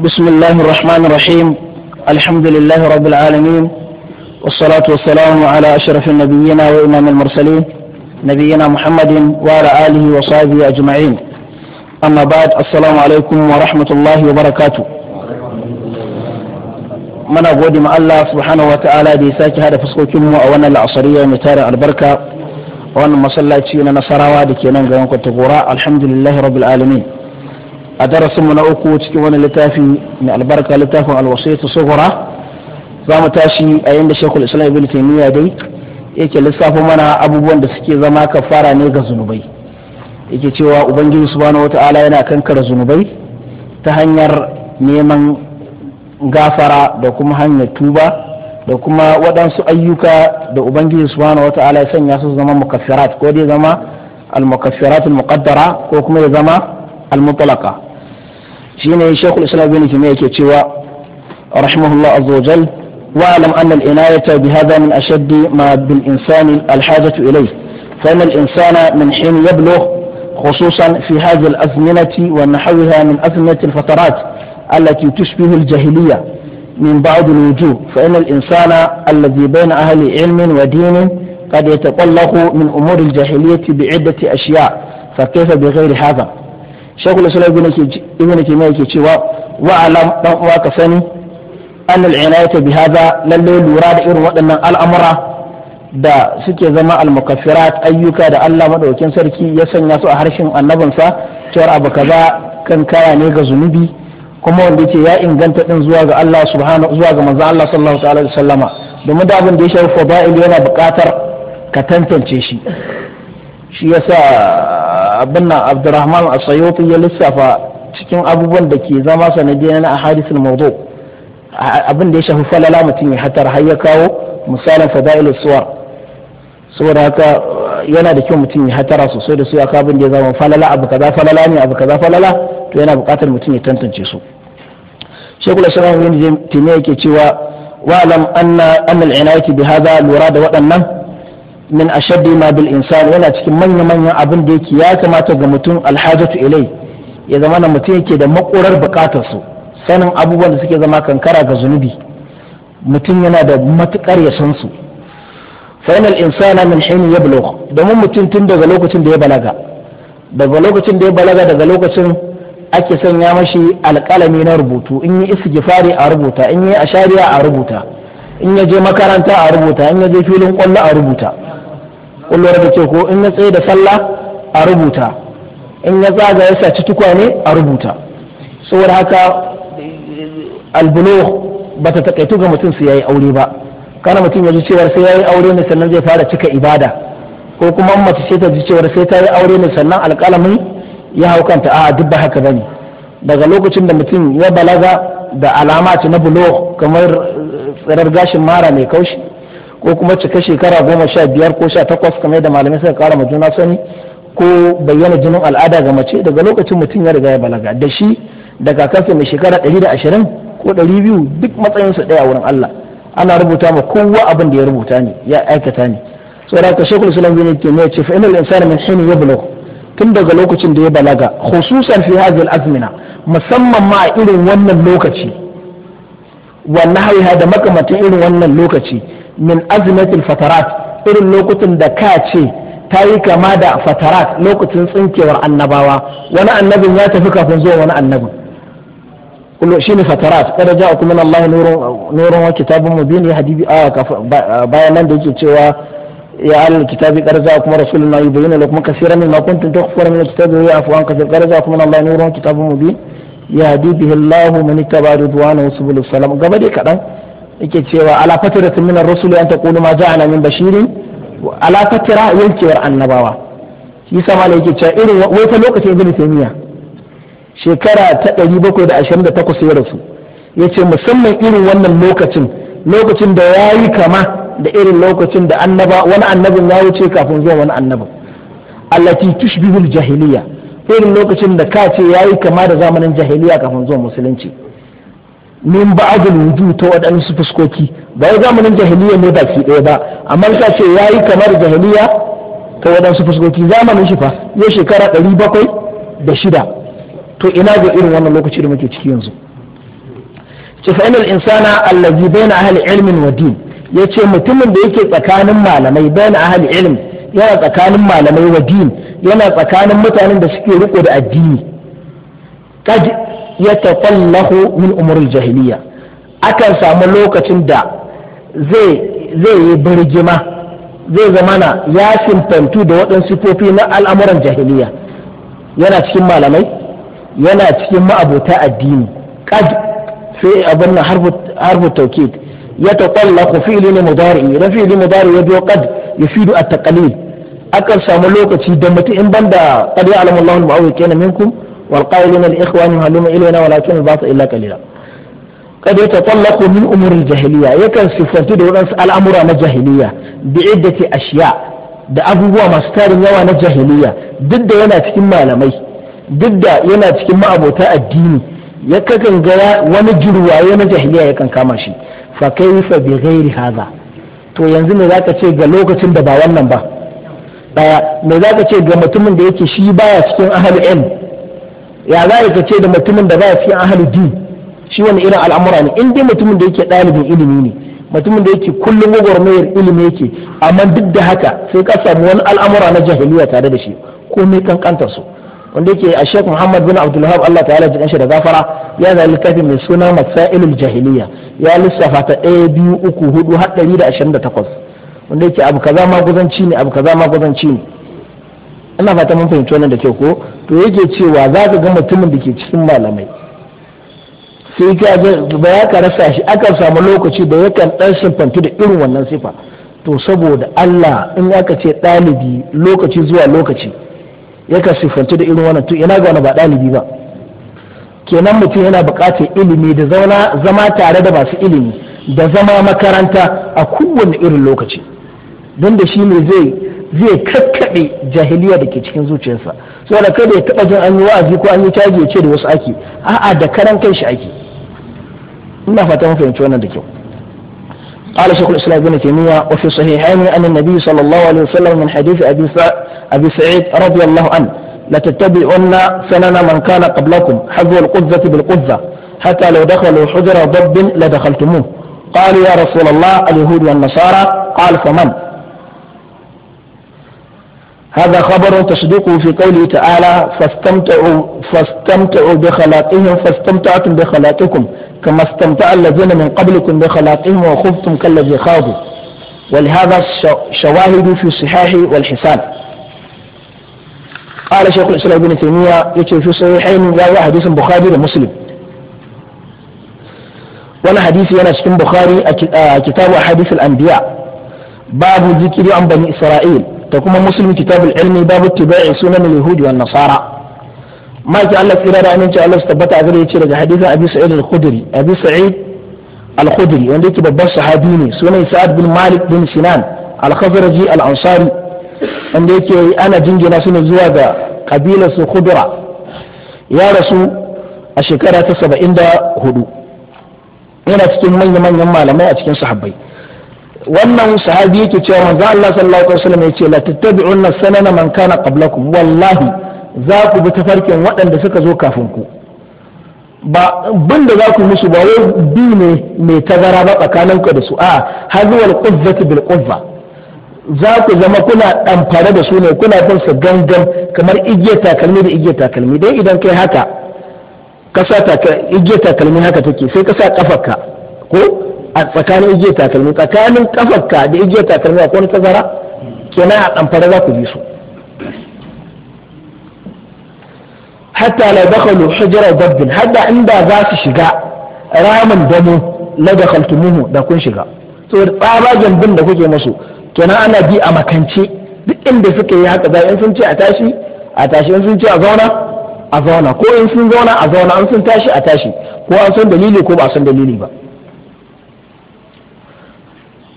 بسم الله الرحمن الرحيم الحمد لله رب العالمين والصلاة والسلام على أشرف النبيين وإمام المرسلين نبينا محمد وعلى آله وصحبه أجمعين أما بعد السلام عليكم ورحمة الله وبركاته من أقول مع الله سبحانه وتعالى دي ساكي هذا فسقكم وأولا العصرية متارع البركة وأن مصلاتي نصراوا دكي ننقى الحمد لله رب العالمين a darasinmu na uku cikin wani littafi mai albarka littafin alwasaitu sughra za mu tashi a yanda shekul islam ibn taymiya dai yake lissafin mana abubuwan da suke zama kafara ne ga zunubai yake cewa ubangiji subhanahu wata'ala yana kankara zunubai ta hanyar neman gafara da kuma hanyar tuba da kuma waɗansu ayyuka da ubangiji subhanahu wata'ala ya sanya su zama mukaffirat ko dai zama al-mukaffirat al-muqaddara ko kuma ya zama al-mutlaqa shine شيخ الإسلام بن تيمية كتوى رحمه الله عز وجل واعلم أن العناية بهذا من أشد ما بالإنسان الحاجة إليه فإن الإنسان من حين يبلغ خصوصا في هذه الأزمنة ونحوها من أزمنة الفترات التي تشبه الجاهلية من بعض الوجوه فإن الإنسان الذي بين أهل علم ودين قد يتطلق من أمور الجاهلية بعدة أشياء فكيف بغير هذا شيخ الاسلام ابن ke cewa wa alam dan uwa ka sani an al'inayata bi hadha lalle lura da irin waɗannan al'amura da suke zama almukaffirat ayyuka da Allah madaukakin sarki ya sanya su a harshen annabinsa kan kuma wanda yake ya inganta din zuwa ga Allah subhanahu zuwa ga manzo Allah sallallahu alaihi wasallama domin da abin da ya shafi fadail yana buƙatar ka tantance shi shi yasa abin nan abdurrahman asayoti ya lissafa cikin abubuwan da ke zama sanadiyar na ahadisul mawdu abin da ya shafi falala mutum ya hatar har ya kawo misalin fadailus suwar saboda haka uh, yana da kyau mutum ya hatara sosai da su aka abin da ya zama falala abu kaza falala ne abu kaza falala to yana buƙatar mutum ya tantance su shekul islam ibn taymiya yake cewa wa'lam anna anna al-inayati bi hadha lura da waɗannan min ashaddi ma bil insan yana cikin manya manyan abin da yake ya kamata ga mutum alhajatu ilai ya zama na mutum yake da makurar bukatar su sanin abubuwan da suke zama kankara ga zunubi mutum yana da matukar ya san su fainal insana min hin ya domin mutum tun daga lokacin da ya balaga daga lokacin da ya balaga daga lokacin ake sanya mashi alkalami na rubutu in yi istighfari a rubuta in yi ashariya a rubuta in ya je makaranta a rubuta in ya je filin kwallo a rubuta kullum da ce ko in na tsaye da sallah a rubuta in ya tsaga ya saci tukwane a rubuta saboda haka albulo ba ta takaitu ga mutum su yayi aure ba kana mutum ya ji cewar sai yayi aure ne sannan zai fara cika ibada ko kuma mace ce ta ji cewar sai ta yi aure ne sannan alƙalamin ya hau kanta a duk ba haka bane daga lokacin da mutum ya balaga da alama ce na bulo kamar tsirar gashin mara mai kaushi ko kuma cika shekara goma sha biyar ko sha takwas kamar da malamai suka kara ma juna sani ko bayyana jinin al'ada ga mace daga lokacin mutum ya riga ya balaga da shi da kakarsa mai shekara ɗari da ashirin ko ɗari biyu duk matsayinsa ɗaya wurin Allah ana rubuta ma kowa abin da ya rubuta ne ya aikata ne saboda haka shekul islam bin ke ne ce fa inal insana min hin yablugh tun daga lokacin da ya balaga khususan fi hadhihi azmina musamman ma a irin wannan lokaci wannan haiha da makamantan irin wannan lokaci min azmatil fatarat irin lokutan da ka ce ta yi kama da fatarat lokacin tsinkewar annabawa wani annabin ya tafi kafin zuwa wani annabin kullu shine fatarat kada ja'a kuma Allah nurun nurun wa kitabun mubin ya hadibi a bayan nan da yake cewa ya al kitabi kada ja'a kuma rasuluna yubayyinu lakum kaseeran mimma kuntum tukhfuna min al-kitabi wa ya'fu an kaseer kada ja'a kuma Allah nurun wa kitabun mubin ya hadibi Allah man ittaba ridwanahu subul salam gaba dai kadan yake cewa ala fatira min ar-rusul an taqulu ma ja'ana min bashirin ala fatira yankewar annabawa shi yasa mala yake cewa irin wai ta lokacin ibn taymiya shekara ta 728 ya rasu yace musamman irin wannan lokacin lokacin da yayi kama da irin lokacin da annaba wani annabin ya wuce kafin zuwa wani annabin allati tushbihul jahiliya irin lokacin da ka ce yayi kama da zamanin jahiliya kafin zuwa musulunci min ba'dul wujuh ta waɗansu fuskoki ba ya zamanin jahiliya ne baki ɗaya ba amma ka ce ya yi kamar jahiliya ta waɗansu fuskoki zamanin shi fa ya shekara ɗari bakwai da shida to ina ga irin wannan lokaci da muke ciki yanzu ce fa inal insana allazi baina ahli ilmin wa din yace mutumin da yake tsakanin malamai baina ahli ilm yana tsakanin malamai wa din yana tsakanin mutanen da suke riko da addini ya tafallahu min umurul jahiliya akan samu lokacin da zai yi birgima zai zamana ya simfantu da waɗansu sifofi na al'amuran jahiliya yana cikin malamai yana cikin ma'abota addini kad sai abin nan harfu taukid ya taqallaqa fi'li ne mudari da fi'li mudari ya biyo ya yufidu a taqlil akan samu lokaci da mutum in banda qad ya'lamu Allahu al-mu'awwiqina minkum والقائل من الإخوان هلم إلينا ولكن الباطل إلا قليلا قد يتطلق من أمور الجاهلية يكن صفات دورانس الأمر على الجاهلية بعدة أشياء da abubuwa masu tarin yawa na jahiliya duk da yana cikin malamai duk da yana cikin ma'abota addini ya kakan ga wani jirwaye na jahiliya ya kan kama shi fa kaifa bi ghairi hadha to yanzu ne zaka ce ga lokacin da ba wannan ba daya me zaka ce ga mutumin da yake shi baya cikin ahlul ilm ya za ka ce da mutumin da baya cikin ahli din shi wani irin al'amura ne in dai mutumin da yake ɗalibin ilimi ne mutumin da yake kullum gwagwarmayar ilimi yake amma duk da haka sai ka samu wani al'amura na jahiliya tare da shi komai kankantar su wanda yake a Sheikh Muhammad bin Abdul Wahab Allah ta'ala ji kanshi da gafara ya zai littafi mai suna Masailul Jahiliya ya lissafa ta ɗaya biyu uku, hudu har da wanda yake abu kaza maguzanci ne abu kaza maguzanci ne ana fata mun fahimci wannan da ke ko to yake cewa za ka ga mutumin da ke cikin malamai sai ka ba ya ka rasa shi akan samu lokaci da yakan dan shimfantu da irin wannan sifa to saboda Allah in aka ce ɗalibi lokaci zuwa lokaci ya ka siffantu da irin wannan to yana ga wani ba ɗalibi ba kenan mutum yana buƙatar ilimi da zauna zama tare da masu ilimi da zama makaranta a kowane irin lokaci don da shi ne zai zai kakkaɓe jahiliya da ke cikin zuciyarsa saboda kada ya taɓa jin an yi wa'azi ko an yi caji ya ce da wasu ake a'a da karan kan shi ake ina fata mun fahimci wannan da kyau قال شيخ الاسلام ابن تيميه وفي الصحيحين ان النبي صلى الله عليه وسلم من حديث ابي ابي سعيد رضي الله عنه لتتبعن سنن من كان قبلكم حذو القذة بالقذة حتى لو دخلوا حجر ضب لدخلتموه قالوا يا رسول الله اليهود والنصارى قال فمن هذا خبر تصدقه في قوله تعالى فاستمتعوا فاستمتعوا بخلاقهم فاستمتعتم بخلاقكم كما استمتع الذين من قبلكم بخلاقهم وخفتم كالذي خاضوا ولهذا شواهد في الصحاح والحسان قال شيخ الاسلام ابن تيميه يكتب في الصحيحين يا حديث البخاري ومسلم وانا حديثي انا اسكن بخاري آه، كتاب احاديث الانبياء باب ذكر عن بني اسرائيل da kuma muslim kitabul ilmi babu tibai sunan yahudi wa nasara maki Allah tsira da aminci Allah tabbata a gare yace daga hadisin Abi Sa'id al-Khudri Abi Sa'id al-Khudri wanda yake babban sahabi ne sunan Sa'ad bin Malik bin Sinan al-Khazraji al-Ansari wanda yake ana jingina su zuwa ga kabilar su Khudra ya rasu a shekara ta 74 yana cikin manya-manyan malamai a cikin sahabbai wannan sahabi yake cewa manzo Allah sallallahu alaihi wasallam yace la tattabi'unna sanana man kana qablakum wallahi za ku bi tafarkin waɗanda suka zo kafin ku ba bin da za ku musu ba wai bi ne mai tazara ba tsakanin ku da su a hazwal quzzati bil quzza za ku zama kuna ɗamfare da su ne kuna bin su gangan kamar igiyar takalmi da igiyar takalmi dai idan kai haka ka sa igiyar takalmi haka take sai ka sa kafarka ko a tsakanin igiyar takalmi tsakanin kafarka da igiyar takalmi akwai wani tazara kenan a ɗamfara za ku bi su hatta la dakhalu hujra dabbin hadda inda za su shiga ramin damo la dakhaltumuhu da kun shiga to tsabagen bin da kuke musu kenan ana bi a makance duk inda suka yi haka za in sun ce a tashi a tashi in sun ce a zauna a zauna ko in sun zauna a zauna an sun tashi a tashi ko an san dalili ko ba san dalili ba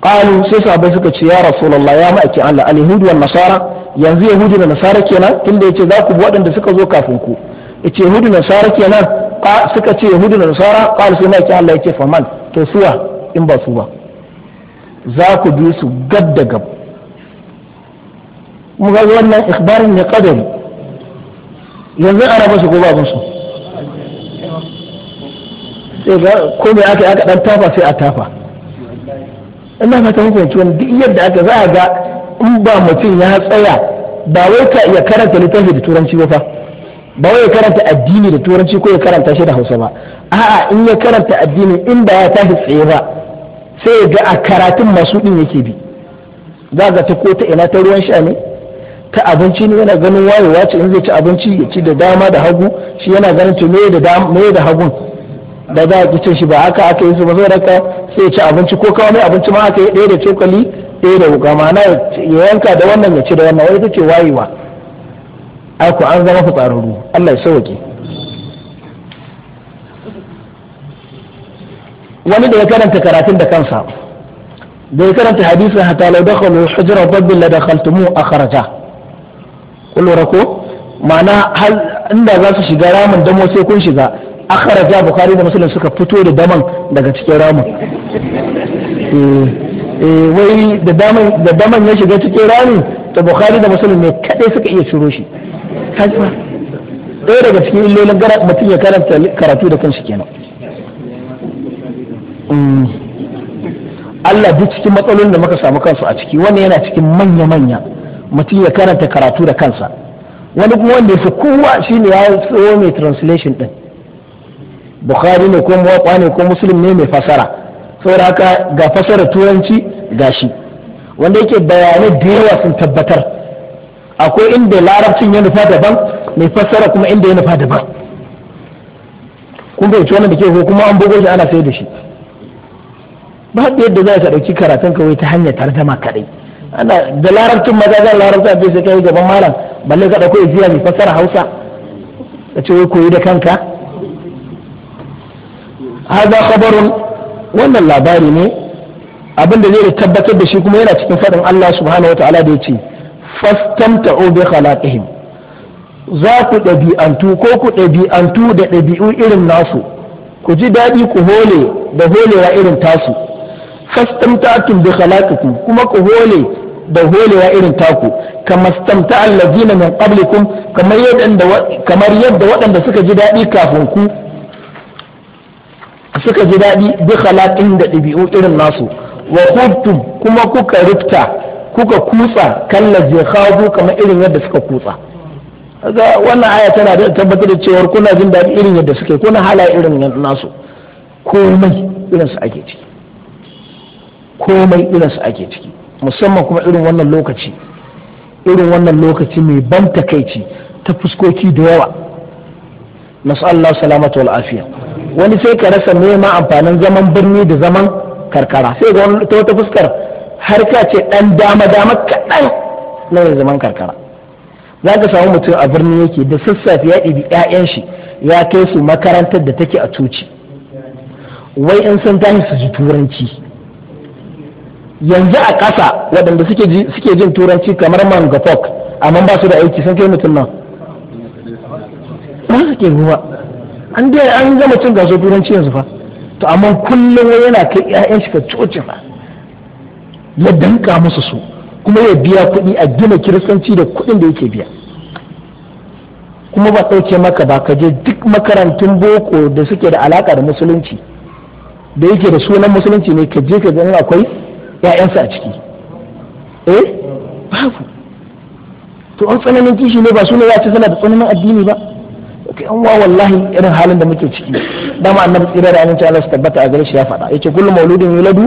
qalu sai su sahabbai suka ce ya rasulullah ya ma'aikin Allah al-yahudu wan nasara yanzu yahudu da nasara kenan tunda yace za ku bi waɗanda suka zo kafin ku yace yahudu da nasara kenan suka ce yahudu da nasara qalu sai ma'aikin Allah ya yake faman to suwa in ba su ba za ku bi su gab da gab mu ga wannan ikhbarin ne qadari yanzu ana basu ko ba su sai ko me aka aka dan tafa sai a tafa ina fata ta hukunci wani duk yadda aka za a ga in ba mutum ya tsaya ba wai ka ya karanta littafi da turanci ba fa ba wai ya karanta addini da turanci ko ya karanta shi da hausa ba a'a in ya karanta addini in ba ya tafi tsaye ba sai ya ga a karatun masu din yake bi za ga ta ko ta ina ta ruwan sha ne ta abinci ne yana ganin wayewa ce in zai ci abinci ya ci da dama da hagu shi yana ganin to me da hagun ba za a ki cin shi ba haka aka yi su ba saboda haka sai ci abinci ko kawo mai abinci ma aka yi ɗaya da cokali ɗaya da wuka ma'ana ya yanka da wannan ya ci da wannan wani ta ce wayewa ai ku an zama tsararru Allah ya sauke wani da ya karanta karatun da kansa da ya karanta hadisin hatta law dakhalu hujra babbin la dakhaltumu akhraja kullu rako ma'ana inda za su shiga ramin damo sai kun shiga akharaja bukari da musulun suka fito da daman daga cikin ramin wai da daman ya shiga cikin ramin to bukari da musulun ne kadai suka iya ciro shi kafa ɗaya daga cikin illolin gara mutum ya karanta karatu da kanshi kenan Allah duk cikin matsalolin da muka samu kansu a ciki wannan yana cikin manya-manya mutum ya karanta karatu da kansa wani kuma wanda ya fi kowa shine ya tsoro mai translation din bukhari ne ko mawaƙa ne ko muslim ne mai fasara saboda haka ga fasara turanci ga shi wanda yake bayanai da yawa sun tabbatar akwai inda larabcin ya nufa daban mai fasara kuma inda ya nufa daban kun fahimci wannan da ke ko kuma an bugo shi ana sai da shi ba yadda za a ɗauki karatun kawai ta hanyar tarjama kaɗai ana da larabcin maza zan larabta bai sai kai gaban malam balle ka ɗauko ijiya mai fasara hausa ka ce wai koyi da kanka hada khabarun wannan labari ne abin da zai tabbatar da shi kuma yana cikin faɗin Allah subhanahu wa ta'ala da yace fastamta'u bi khalaqihim za ku ɗabi'antu ko ku ɗabi'antu da ɗabi'u irin nasu ku ji daɗi ku hole da holewa irin tasu fastamta'tum bi khalaqikum kuma ku hole da holewa irin taku kamar stamta allazina min qablikum kamar yadda kamar yadda waɗanda suka ji daɗi kafin ku suka ji daɗi bi khalaqin da ɗabi'u irin nasu wa kuntum kuma kuka rufta kuka kutsa kalla khadu kamar irin yadda suka kutsa kaga wannan aya tana da tabbatar da cewa kuna jin daɗi irin yadda suke kuna hala irin nasu komai irin su ake ciki komai irin su ake ciki musamman kuma irin wannan lokaci irin wannan lokaci mai ban takaici ta fuskoki da yawa Allah salamatu wal afiya wani sai ka rasa nema amfanin zaman birni da zaman karkara sai ga wata fuskar har ka ce dan dama dama kaɗan na zaman karkara za ka samu mutum a birni yake da sassafe ya ɗibi 'ya'yan shi ya kai su makarantar da take a coci wai in sun tashi su ji turanci yanzu a ƙasa waɗanda suke jin turanci kamar mangapok amma ba su da aiki sun kai mutum nan ba su ke ba an dai an gama cin gaso turanci yanzu fa to amma kullum yana kai 'ya'yan shi ka coci fa ya danka musu su kuma ya biya kuɗi a gina kiristanci da kuɗin da yake biya kuma ba ɗauke maka ba ka je duk makarantun boko da suke da alaka da musulunci da yake da sunan musulunci ne ka je ka ganin akwai 'ya'yansa a ciki eh babu to an tsananin kishi ne ba su ya ce suna da tsananin addini ba ce an wa wallahi irin halin da muke ciki dama annabi tsira da aminci Allah su tabbata a gare shi ya faɗa yace kullu mauludin yuladu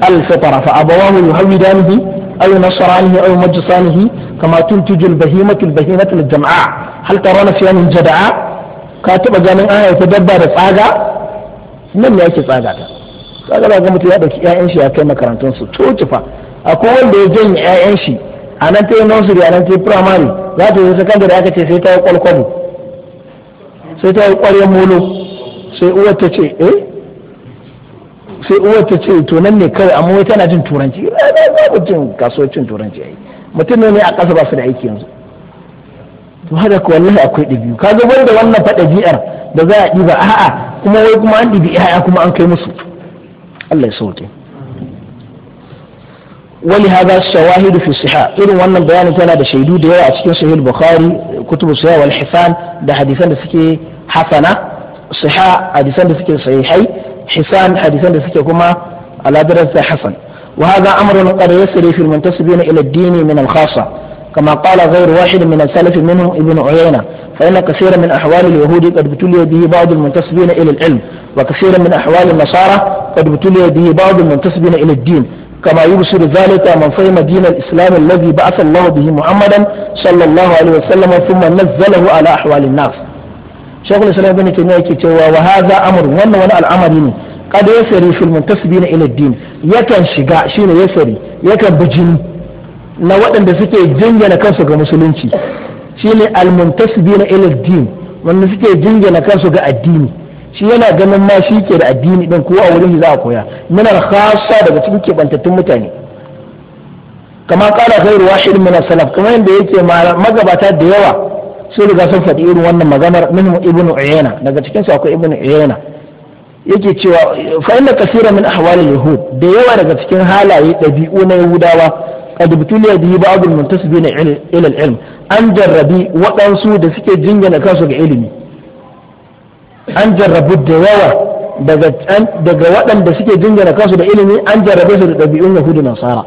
al fitra fa abawahu yuhawidanihi aw yunasranihi aw majsanihi kama tuntijul bahimatu al bahimatu al jam'a hal tarana fiya min jada'a ka taba ganin an haifa dabba da tsaga nan ne yake tsaga ta tsaga da ga mutum ya dauki ƴaƴan shi ya kai makarantun su tocifa akwai wanda ya janye ƴaƴan shi a nan ta yi nursery a nan ta yi primary za ta yi secondary aka ce sai ta yi kwalkwabo sai ta yi ƙwaryar molo sai uwar ta ce eh sai uwar ta ce to nan ne kawai amma wai tana jin turanci eh, ba jin kasuwancin turanci ai mutum ne a kasa ba su da aiki yanzu to haka ku wallahi akwai ɗabi'u ka ga wanda wannan fa ɗabi'ar da za a ɗiba a'a kuma wai kuma an dibi 'ya'ya kuma an kai musu Allah ya sauke ولهذا الشواهد في الصحاح إذن وانا البيان كان هذا شهدو دي أتكين صحيح البخاري كتب الصحاح والحفان ده حديثان ده سكي حسنة الصحاح حديثان ده سكي صحيحي حسان حديثان ده سكي كما على درجة حسن وهذا أمر قد يسري في المنتسبين إلى الدين من الخاصة كما قال غير واحد من السلف منهم ابن عيينة فإن كثيرا من أحوال اليهود قد ابتلي به بعض المنتسبين إلى العلم وكثيرا من أحوال النصارى قد ابتلي به بعض المنتسبين إلى الدين كما يبصر ذلك من فهم دين الإسلام الذي بعث الله به محمدا صلى الله عليه وسلم ثم نزله على أحوال الناس شيخ الإسلام بن تيمية وهذا أمر وأن وأن الأمر قد يسري في المنتسبين إلى الدين يكن شجاع شين يسري يكن بجن na waɗanda suke jingina kansu ga musulunci shine almuntasibina ila din wanda suke jingina kansu ga addini shi yana ganin ma shi ke da addini din ko a wurin za a koya min al daga cikin kebantattun mutane kama kala ruwa wahid min salaf kamar yanda yake magabata da yawa sun riga sun faɗi irin wannan maganar min ibnu uyayna daga cikin su akwai ibnu uyayna yake cewa fa inna kaseera min ahwal al yahud da yawa daga cikin halaye dabi'u na yahudawa قد ابتلي به muntasibina ila al ilm an jarrabi waɗansu da suke jingina kansu ga ilimi an jarrabu da yawa daga waɗanda suke jingina kansu da ilimi an jarrabe su da ɗabi'un yahudu nasara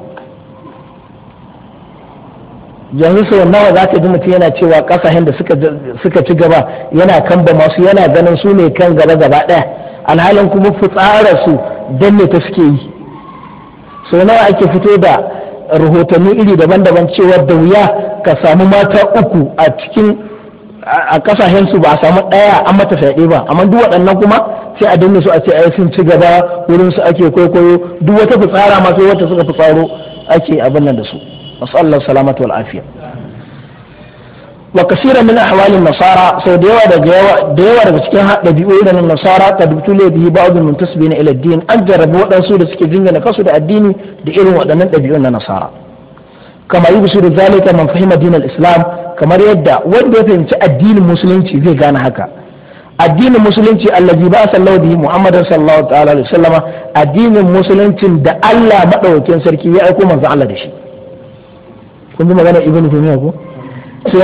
yanzu sau nawa za ka ji mutum yana cewa ƙasashen da suka ci gaba yana kan ba masu yana ganin su ne kan gaba gaba ɗaya alhalin kuma fitsara su danne ta suke yi sau nawa ake fito da rahotanni iri daban-daban cewa da wuya ka samu mata uku a cikin a kasashen su ba a samu ɗaya an mata fyaɗe ba amma duk waɗannan kuma sai a danne su a ce ai sun ci gaba wurin su ake kwaikwayo duk wata fitsara ma sai wata suka fitsaro ake abin nan da su masallar salamatu wal afiya wa kasira min ahwalin nasara sau da yawa daga da yawa daga cikin ɗabi'u irin nasara ta dubtule bihi ba'dun min tasbina ila din an jarabu waɗansu da suke jingina kasu da addini da irin waɗannan ɗabi'un na nasara kama yi da zalika man fahima dinar islam kamar yadda wanda ya fahimci addinin musulunci zai gane haka addinin musulunci allazi ba sallahu bihi muhammadan sallallahu ta'ala alaihi wasallama addinin musuluncin da Allah madaukakin sarki ya aiko manzo Allah da shi kun ji magana ibnu tumiya ko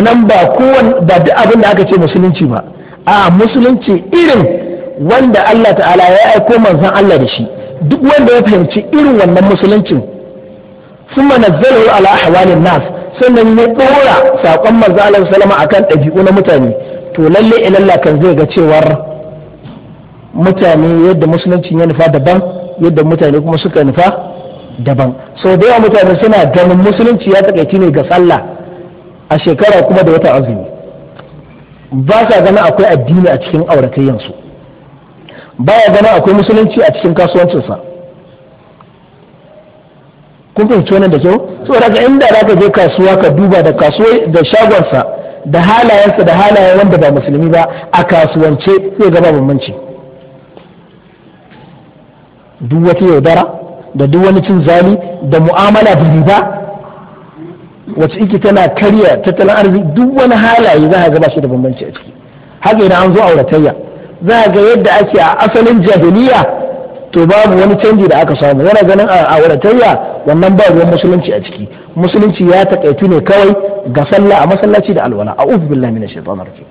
nan ba kowan ba duk abin da aka ce musulunci ba a musulunci irin wanda Allah ta'ala ya aiko manzon Allah da shi duk wanda ya fahimci irin wannan musuluncin sun manazzalahu ala hawanin nas sannan ya ɗora saƙon manzo alaihi salama akan ɗabi'u na mutane to lalle ilalla kan zai ga cewar mutane yadda musulunci ya nufa daban yadda mutane kuma suka nufa daban sau da yawa mutane suna ganin musulunci ya takaici ne ga sallah a shekara kuma da wata azumi ba sa ganin akwai addini a cikin auratayyansu ba ya ganin akwai musulunci a cikin kasuwancinsa kun fahimci wannan da kyau saboda ka inda zaka je kasuwa ka duba da kasuwa da shagonsa da halayensa da halayen wanda ba musulmi ba a kasuwance zai gaba bambanci duk wata yaudara da duk wani cin zali da mu'amala da riba wacce iki tana karya tattalin arziki duk wani halaye za a gaba shi da bambanci a ciki haka idan an zo auratayya za a ga yadda ake a asalin jahiliya to babu wani canji da aka samu yana ganin a auratayya wannan ba ruwan musulunci a ciki musulunci ya takaitu ne kawai ga sallah a masallaci da alwala a ufi billahi minash shaitanir rajim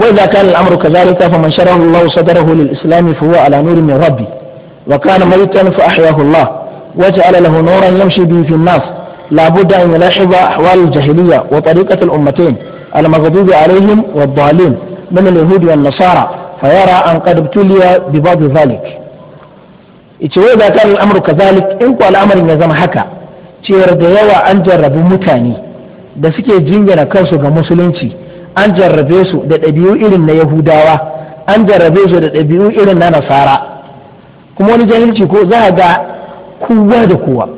wa idza kana al-amru kadhalika faman sharaha Allahu sadrahu lil-islam fa huwa ala nurin min rabbi wa kana maytan fa ahyahu Allah wa ja'ala lahu nuran yamshi bihi fi an-nas la budda an yalahiba ahwal al wa tariqat al-ummatayn al-maghdubi alayhim wad-dallin min al-yahudi wan-nasara fa yara an qad tuliya bi ba'd zalik ice wai da kan al'amru in ko al'amarin ya zama haka cewar da yawa an jarrabu mutane da suke jingina kansu ga musulunci an jarrabe su da ɗabi'u irin na yahudawa an jarrabe su da ɗabi'u irin na nasara kuma wani jahilci ko za a ga kowa da kowa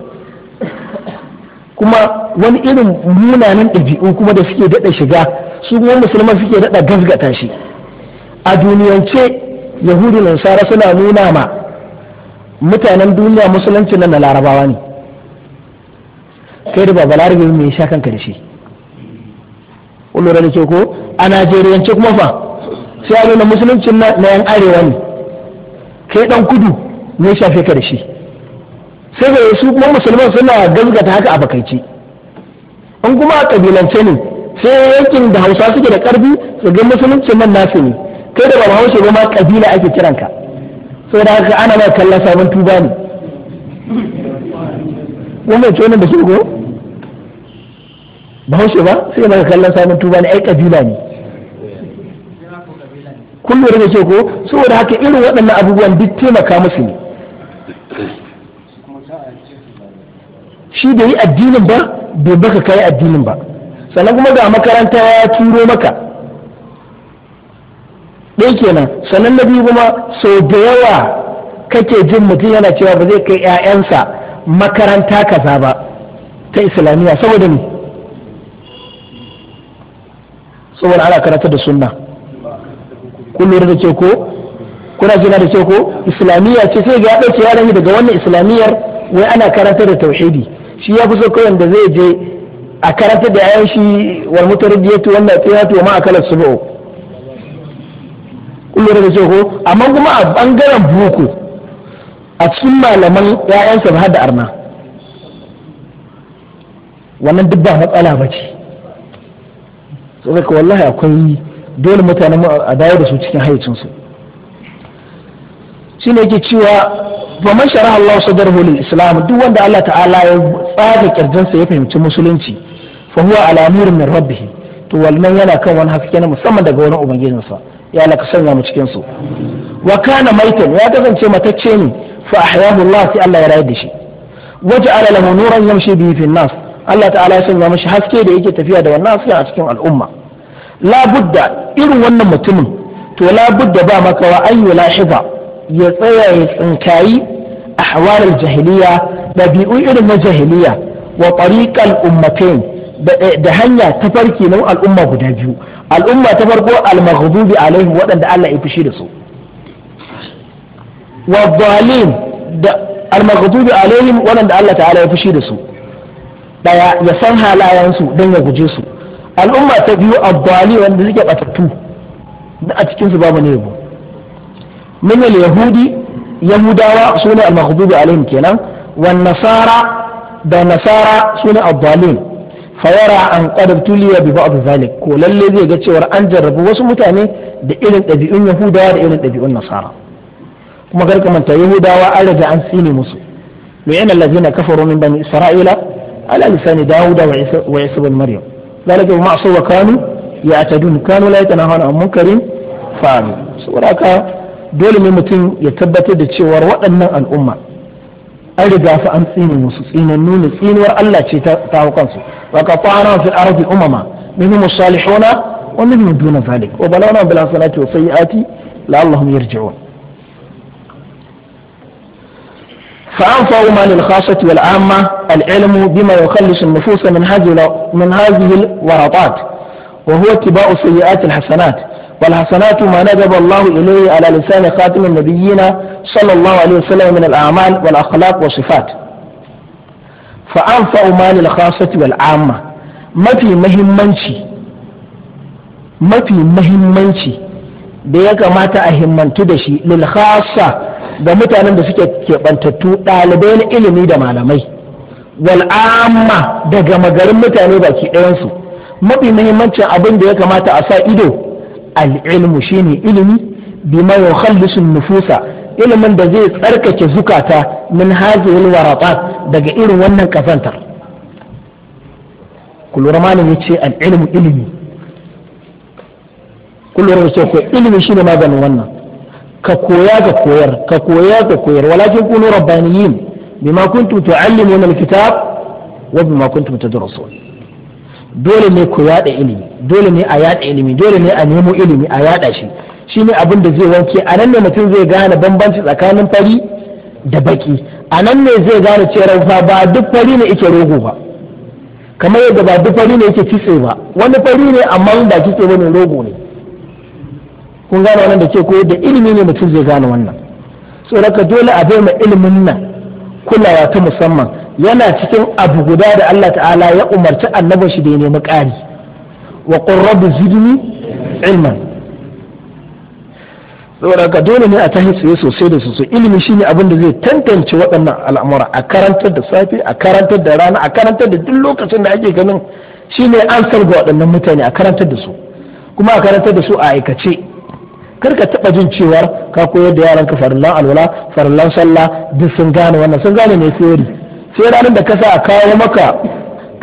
kuma wani irin munanan ɗabi'u kuma da suke daɗa shiga su kuma musulman suke daɗa gasgata shi a duniyance yahudu nasara suna nuna ma mutanen duniya musulunci nan na larabawa ne kai da baba biyu mai sha kan da shi lura da ke ko a najeriyance kuma fa sai a nuna musuluncin na yan arewa ne kai dan kudu mai shafe ka da shi sai ga su kuma musulman suna gazgata haka a bakaice in kuma a kabilance ne sai yankin da hausa suke da karfi su ga musuluncin nan nasu ne kai da ba haushe ba ma kabila ake kiranka sai da haka ana ma kallon sabon tuba ne wannan ce wannan da shi ko ba haushe ba sai maka kallon sabon tuba ne ai kabila ne kun lura da ce ko saboda haka irin waɗannan abubuwan duk taimaka musu ne shi bai yi addinin ba bai baka kai addinin ba sannan kuma ga makaranta ya turo maka ɗaya kenan sannan na biyu kuma sau da yawa kake jin mutum yana cewa ba zai kai 'ya'yansa makaranta kaza ba ta islamiyya saboda me saboda ana karanta da sunna kun da ce ko kuna jina da ce ko islamiyya ce sai ga ya ɗauke yaran daga wannan islamiyyar wai ana karanta da tauhidi shi ya fi so kawai da zai je a karanta da 'ya'yan shi wal mutarabiyatu wannan tsiyatu a ma su subu'u kullum da ko amma kuma a bangaren boko a cikin malaman ƴaƴansa ba da arna wannan duk ba matsala ba ce sai ka wallahi akwai dole mutanen a dawo da su cikin haicinsu shi ne yake cewa ba man shara Allah sadarhu lil islam duk wanda Allah ta'ala ya tsaga kirjinsa ya fahimci musulunci fa huwa ala nurin min rabbih to wannan yana kan wani haske na musamman daga wani ubangijinsa ya Allah ka sanya mu cikin su wa kana maitan ya kasance matacce ne fa ahyahu Allah sai Allah ya rayar da shi waja'ala lahu nuran yamshi bihi fi nas Allah ta'ala ya sanya mashi haske da yake tafiya da wannan haske a cikin al'umma labudda irin wannan mutumin to labudda ba makawa an yi ya tsaya ya tsinkayi ahwalar jahiliya ɗabi'u irin na jahiliya wa tariqal ummatain da hanya ta farki na al'umma guda biyu al'umma ta farko al-maghdubi alaihim waɗanda Allah ya fushi da su wa zalim da al-maghdubi alaihim waɗanda Allah ta'ala ya fushi da su daya ya san halayensu don ya guje su al'umma ta biyu abbali wanda suke batattu da a cikin su babu ne yabo min al-yahudi yahudawa sune al-maghdubi alaihim kenan wan nasara da nasara sune abbalin fawara an qadab tuliya bi ba'd zalik ko lalle zai ga cewar an jarrabu wasu mutane da irin ɗabi'un yahudawa da irin ɗabi'un nasara kuma kar ka manta yahudawa an riga an sine musu lu'ina allazina kafaru min bani isra'ila ala lisani dawuda wa isa ibn maryam zalika ma asu wa kanu ya'tadun kanu la yatanahuna an munkarin fa'alu saboda haka dole ne mutum ya tabbatar da cewar waɗannan al'umma an riga su an tsine musu tsinan nuna tsinuwar Allah ce ta hau kansu فقطعنا في الأرض أمما منهم الصالحون ومنهم دون ذلك وبلونا بالحسنات والسيئات لعلهم يرجعون فأنفع ما للخاصة والعامة العلم بما يخلص النفوس من هذه من هذه الورطات وهو اتباع السيئات الحسنات والحسنات ما ندب الله إليه على لسان خاتم النبيين صلى الله عليه وسلم من الأعمال والأخلاق والصفات Fa'an an fa'umani al-khasati wal amma mafi mahimmanci mafi mahimmanci da ya kamata a himmantu da shi lil ga mutanen da suke keɓantattu ɗalibai na ilimi da malamai wal amma daga magarin mutane baki ɗayansu mafi mahimmancin abin da ya kamata a sa ido al ilmu shine ilimi bima yukhallisu nufusa ilimin da zai tsarkake zukata min hazihil warata daga irin wannan kazantar kullum malam yace al ilmu ilimi kullum yace ko ilimi shine maganin wannan ka koya ga koyar ka koya ga koyar walakin kunu rabbaniyin bima kuntum tuallimuna alkitab wa bima kuntum tadrusun dole ne ku yada ilimi dole ne a yada ilimi dole ne a nemo ilimi a yada shi ne abin da zai wanke a nan ne mutum zai gane bambanci tsakanin fari da baki a nan ne zai gane cewa fa ba duk fari ne yake rogo ba kamar yadda ba duk fari ne yake kitse ba wani fari ne amma ba kitse ba ne rogo ne kun gane wannan da ke ko da ilimi ne mutum zai gane wannan so dole a bai ma ilimin nan kulawa ta musamman yana cikin abu guda da Allah ta'ala ya umarci annabin shi da ya nemi ƙari wa qur zidni ilman saboda ka dole ne a tashi tsaye sosai da sosai ilimi shine abin da zai tantance waɗannan al'amura a karantar da safe a karantar da rana a karantar da duk lokacin da ake ganin shine an ga waɗannan mutane a karantar da su kuma a karantar da su a aikace kar ka taɓa jin cewa ka koyar da yaran ka farillan alwala farillan sallah duk sun gane wannan sun gane ne theory sai ranar da ka sa a kawo maka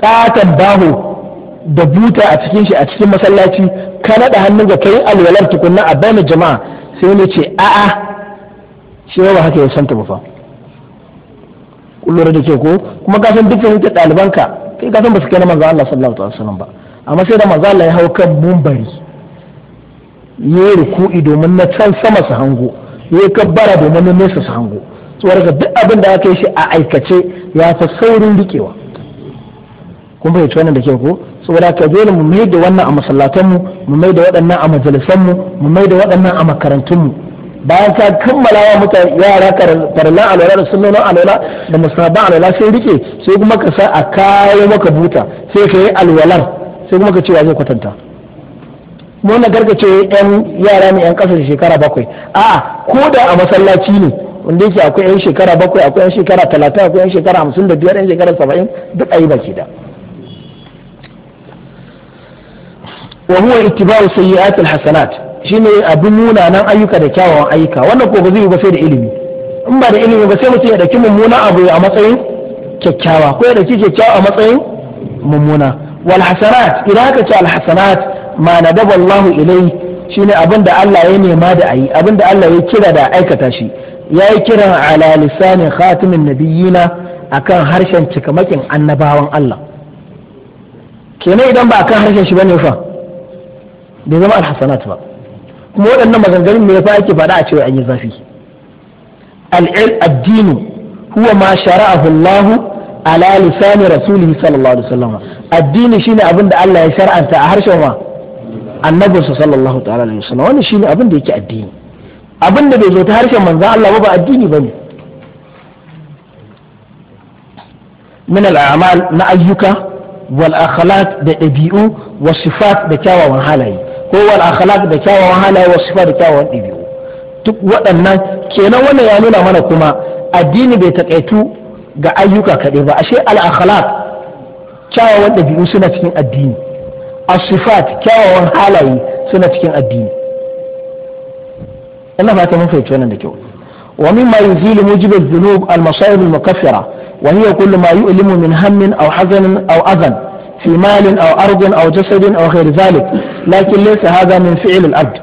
ƙaton baho da buta a cikin shi a cikin masallaci ka naɗa hannun ga kai alwalar tukunna a bayan jama'a sai wani ce a'a shi ba haka ya santa ba fa kullum da ke ko kuma ka san dukkan yake ɗalibanka kai ka san ba su kai na manzo Allah sallallahu alaihi wasallam ba amma sai da manzo Allah ya hau kan mumbari yayi ruku'i domin na can sama su hango yayi kabbara domin na nesa su hango tsoron duk abin da aka yi shi a aikace ya fi saurin rikewa kun fahimci wannan da ke ko saboda ka dole mu mai da wannan a masallatan mu mai da waɗannan a majalisan mu mai da waɗannan a makarantun mu bayan ka kammala wa mutane yara farlan alwala da sunnonin alwala da musabban alwala sai rike sai kuma ka sa a kayo maka buta sai ka yi alwalar sai kuma ka ce wa zai kwatanta wannan gargace yan yara ne yan kasar shekara bakwai a ko da a masallaci ne wanda yake akwai yan shekara bakwai akwai yan shekara talatin akwai yan shekara hamsin da biyar yan shekara saba'in duk ayi baki da wa huwa ittiba'u sayyi'at alhasanat shine abin munanan ayyuka da kyawawan ayyuka wannan ko zai yi da ilimi in ba da ilimi ba sai mutum ya dauki mummuna abu a matsayin kyakkyawa ko ya dauki kyakkyawa a matsayin mummuna Walhasanat, hasanat idan aka ce al hasanat ma nadaba Allahu ilai shine abin da Allah ya nema da ayi abin da Allah ya kira da aikata shi ya yi kiran ala lisanin khatimin nabiyina akan harshen cikamakin annabawan Allah kenan idan ba kan harshen shi ba fa bai zama alhasanat ba kuma waɗannan maganganun me yasa ake faɗa a cewa an yi zafi addinu huwa ma shara'ahu Allah ala lisani rasulih sallallahu alaihi wasallam addini shine abin da Allah ya shar'anta a harshen ma annabinsa sallallahu ta'ala alaihi wasallam wannan shine abin da yake addini abin da bai zo ta harshen manzon Allah ba ba addini bane min al'amal na ayyuka wal akhlaq da dabi'u was sifat da kyawawan halaye kowal wal akhlaq da kyawawan halaye wa sifa da kyawawan ɗabi'u duk waɗannan kenan wannan ya nuna mana kuma addini bai takaitu ga ayyuka kaɗai ba ashe al akhlaq kyawawan ɗabi'u suna cikin addini as-sifat kyawawan halaye suna cikin addini ina fata mun fahimci wannan da kyau ومما يزيل موجب الذنوب المصائب المكفرة وهي كل ما يؤلم من هم أو حزن أو أذى في مال أو أرض أو جسد أو غير ذلك lakin laysa hadha min fi'l al-abd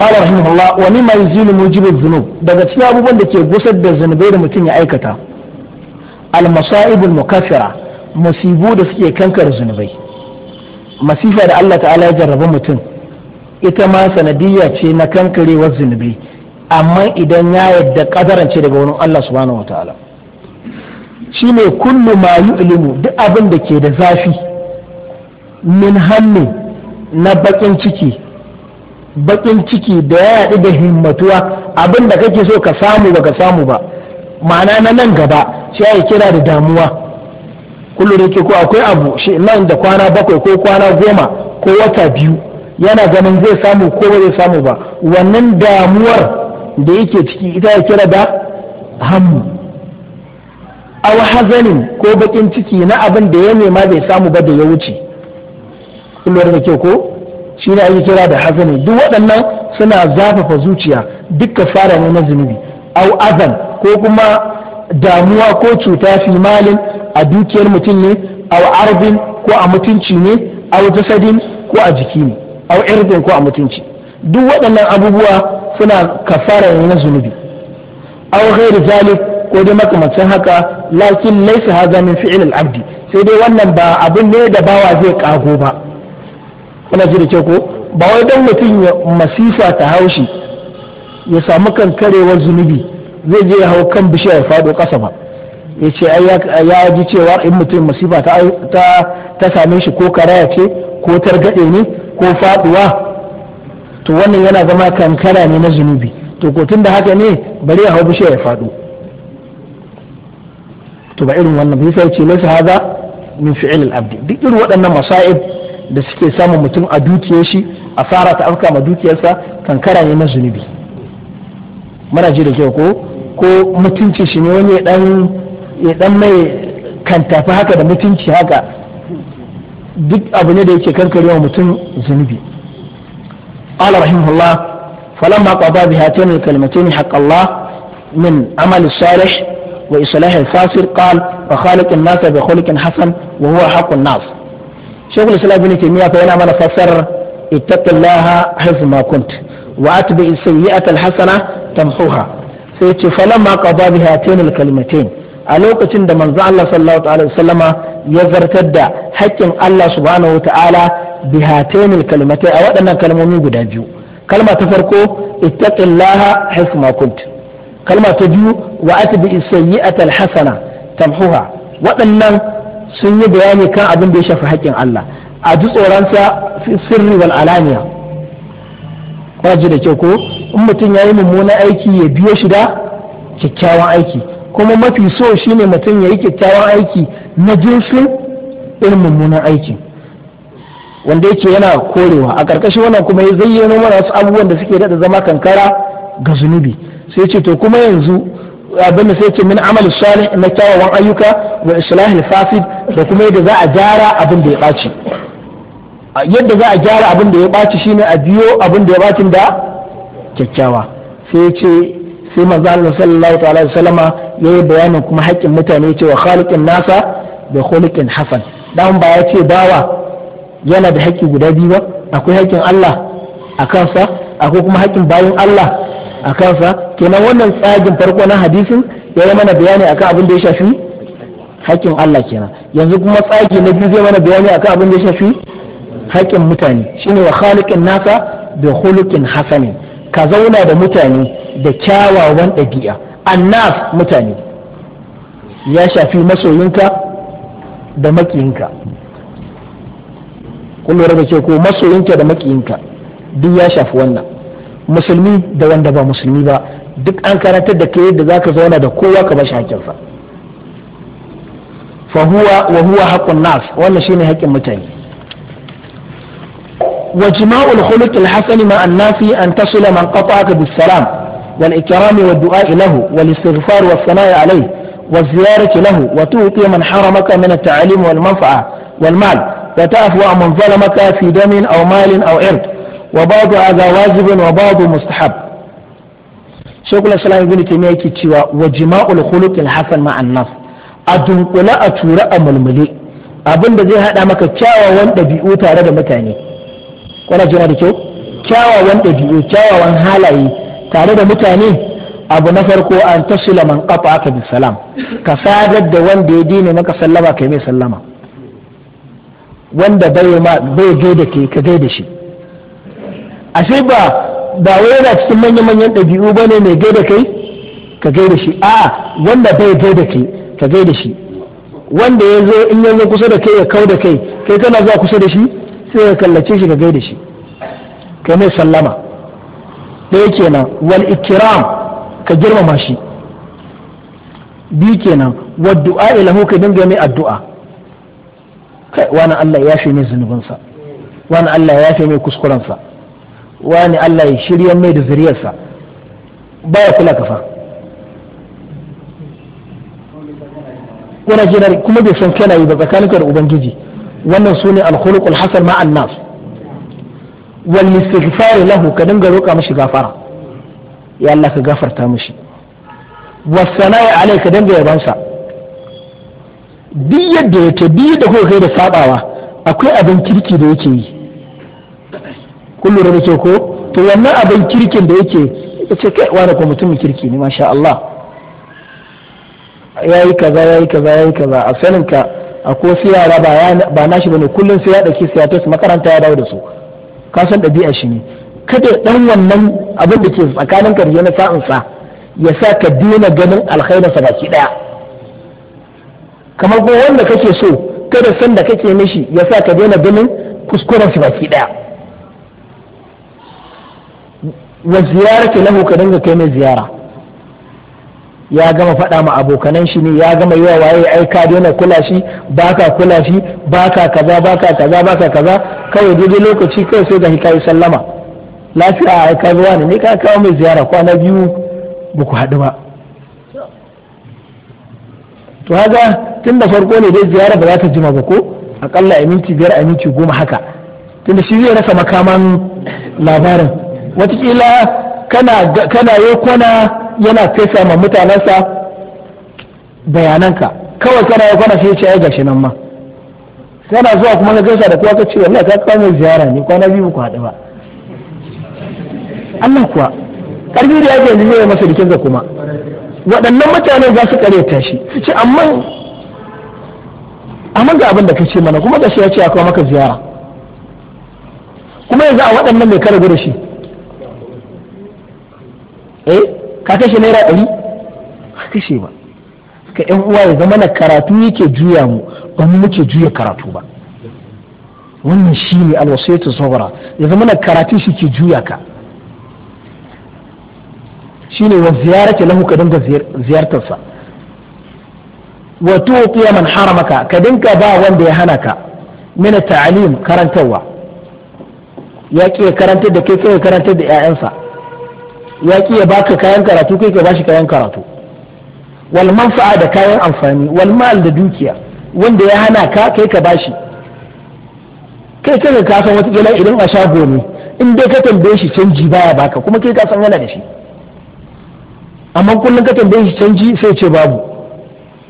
qala rahimahullah wa mimma yuzilu mujibu dhunub daga cikin abubuwan da ke gusar da zunubai da mutum ya aikata al-masa'ib al-mukaffira musibu da suke kankare zunubai masifa da Allah ta'ala ya jarraba mutum ita ma sanadiyya ce na kankarewar zunubai amma idan ya yadda kadarance daga wurin Allah subhanahu wa ta'ala shine kullu ma yu'limu duk abin da ke da zafi min hannu na bakin ciki bakin ciki da ya yaɗu da himmatuwa abin da kake so ka samu ba ka samu ba ma'ana na nan gaba shi ya kira da damuwa kullum ke ko akwai abu shi nan da kwana bakwai ko kwana goma ko wata biyu yana ganin zai samu ko ba zai samu ba wannan damuwar da yake ciki ita ya kira da hannu. A hazanin ko bakin ciki na abin da ya nema bai samu ba da ya wuce kun da kyau ko shi ne ake kira da hazani duk waɗannan suna zafafa zuciya dukkan fara ne na zunubi au azan ko kuma damuwa ko cuta fi malin a dukiyar mutum ne au arbin ko a mutunci ne au jasadin ko a jiki ne au irdin ko a mutunci duk waɗannan abubuwa suna kafara ne na zunubi au ghairu zalik ko dai makamancin haka lakin laysa haza min fi'il al-abdi sai dai wannan ba abin ne da bawa zai kago ba kuna ji da ke ko ba wai dan mutum ya masifa ta haushi ya samu kankarewar zunubi zai je ya hau kan bishiya ya fado kasa ba ya ce ya ji cewa in mutum masifa ta same shi ko karaya ce ko targaɗe ne ko faɗuwa to wannan yana zama kankara ne na zunubi to ko tun da haka ne bari ya hau bishiya ya fado to ba irin wannan bai sai ce laisa haza min fi'il al-abdi duk irin waɗannan masa'ib da suke samun mutum a dukiyar shi a fara ta afka ma dukiyarsa kankara ne na zunubi muna ji da kyau ko ko mutunci shi ne wani dan ya dan mai kan tafi haka da mutunci haka duk abu ne da yake karkare wa mutum zunubi Allah rahimahullah falamma qada biha tani kalmatain haqqallah min amal salih wa islah al-fasir qala wa khaliq an-nas bi khuluqin wa huwa haqqun nas shekul islam ibn taymiya fa yana mana fassarar ittaqillaha haythu ma kunt wa atbi sayyi'ata alhasana tamhuha sai ya ce falamma qada bi a lokacin da manzo Allah sallallahu alaihi wasallama ya zartar da haƙƙin Allah subhanahu wataala bi hatain alkalimatain a waɗannan kalmomi guda biyu kalma ta farko ittaqillaha haythu ma kunt kalma ta biyu wa atbi sayyi'ata alhasana tamhuha waɗannan sun yi bayani kan abin da ya shafi haƙƙin Allah a ji tsoronsa sirri wal alaniya kwaji da kyau ko in mutum ya yi mummunan aiki ya biyo shi da kyakkyawan aiki kuma mafi so shi ne mutum ya yi kyakkyawan aiki na jinsin irin mummunan aiki wanda yake yana korewa a ƙarƙashin wannan kuma ya zayyano mana wasu abubuwan da suke daɗa zama kankara ga zunubi sai ce to kuma yanzu abin da sai ce min amal salih na kyawawan ayyuka wa islahil fasid da kuma yadda za a gyara abin da ya ɓaci yadda za a gyara abin da ya shine a biyo abin da ya ɓacin da kyakkyawa sai ce sai manzo Allah sallallahu ta'ala alaihi wasallama yayi bayanin kuma haƙƙin mutane cewa khaliqin nasa da khuluqin hasan dan ba ya ce bawa yana da haƙƙi guda biyu ba akwai haƙƙin Allah a kansa akwai kuma haƙƙin bayin Allah a kansa kenan wannan tsagin farko na hadisin ya yi mana bayani akan abin da ya shafi haƙƙin Allah kenan yanzu kuma tsagi na biyu zai mana bayani akan abin da ya shafi haƙƙin mutane shine wa khaliqin nasa bi khuluqin hasani ka zauna da mutane da kyawawan ɗabi'a annas mutane ya shafi masoyinka da makiyinka kullum da ce ko masoyinka da makiyinka duk ya shafi wannan musulmi da wanda ba musulmi ba duk an karantar da ke yadda zaka zauna da kowa ka bashi haƙƙinsa fa huwa wa huwa haqqun nas wannan shine haƙƙin mutane wa jima'ul khuluq al-hasan ma an-nafi an tasila man qata'aka bis-salam wal ikram wa du'a lahu wal istighfar wa thana'i alayhi wa ziyarati lahu wa tu'ti man haramaka min at-ta'lim wal manfa'a wal mal wa ta'fu man zalamaka fi damin aw malin aw ird wa ba'du hadha wajibun wa ba'du mustahab shekul islam ibn taymiya yake cewa wa jima'ul khuluqil hasan ma'an nas a dunkula a tura a mulmule abin da zai haɗa maka kyawawan ɗabi'u tare da mutane kuna jira da kyawawan ɗabi'u kyawawan halaye tare da mutane abu na farko an tasila man kafa aka bi salam ka sadar da wanda ya daina maka sallama kai mai sallama wanda bai ma bai gaida ke ka gaida shi ashe ba ba wai yana cikin manya-manyan ɗabi'u ba ne mai gaida kai ka gaida shi a wanda bai gaida kai ka gaida shi wanda ya zo in yanzu kusa da kai ya kau da kai kai kana zuwa kusa da shi sai ka kallace shi ka gaida shi kai mai sallama ɗaya kenan wal ikiram ka girmama shi biyu kenan wa du'a ila ka dinga mai addu'a kai wani Allah ya fi mai zunubinsa wani Allah ya fi mai kuskurensa wani Allah ya shirya mai da zuriyarsa baya kula kafa kuna jinar kuma bai san kana yi ba tsakaninka da ubangiji wannan sune ne khuluqul hasan ma'an nas wal istighfar lahu ka dinga roƙa mishi gafara ya Allah ka gafarta mishi wasana'i alai ka dinga yabansa duk yadda ta biyu da kuka kai da sabawa akwai abin kirki da yake yi Kullum da ke ko to wannan abin kirkin da yake ya ce kai wani ko mutumin kirki ne masha Allah ya yi kaza ya yi kaza ya yi kaza a sanin ka a ko su ba nashi bane kullum sai ya ɗauki su su makaranta ya dawo da su ka san ɗabi'a shi ne kada dan wannan abin da ke tsakanin ka na sa'in sa ya sa ka daina ganin sa baki ɗaya kamar ko wanda kake so kada san da kake mishi ya sa ka daina ganin kuskuren sa baki ɗaya wa ke lahu ka dinga kai mai ziyara ya gama faɗa ma abokanan shi ne ya gama yi wa waye ai ka daina kula shi baka kula shi baka kaza baka kaza baka kaza kawai daidai lokaci kawai sai da kai sallama lafiya ai ka zuwa ne ka kawo mai ziyara kwana biyu ba ku haɗu ba to haga tun da farko ne dai ziyara ba za ta jima ba ko akalla a minti biyar a minti goma haka Tunda shi zai rasa makaman labarin watakila kana yi kwana yana fesa ma mutanensa bayananka kawai kana yi kwana sai ya gashi nan ma kana zuwa kuma ka gaisa da kowa ka ce wallahi ka kawo ziyara ne kwana biyu ku haɗu ba Allah kuwa karfi da yake yanzu zai masa jikinsa kuma waɗannan mutanen za su kare shi su ce amma amma ga abin da ka ce mana kuma shi ya ce ya kawo maka ziyara kuma yanzu a waɗannan mai kare gudu shi eh ka kashe naira ɗari ka kashe ba ka yan uwa ya zama na karatu yake juya mu ba mu muke juya karatu ba wannan shi ne alwasaitu sabara ya zama na karatu shi ke juya ka shi ne wa ziyarata lahu ka dinga ziyartarsa wa tuqiya man haramaka ka dinka ba wanda ya hana ka mina ta'alim karantarwa ya ke karantar da kai kai karantar da 'ya'yansa ya ki ya baka kayan karatu kai ka bashi kayan karatu wal manfa'a da kayan amfani wal mal da dukiya wanda ya hana ka kai ka bashi kai ka san wata gila idan a shago ne in dai ka tambaye shi canji baya baka kuma kai ka san yana da shi amma kullun ka tambaye shi canji sai ce babu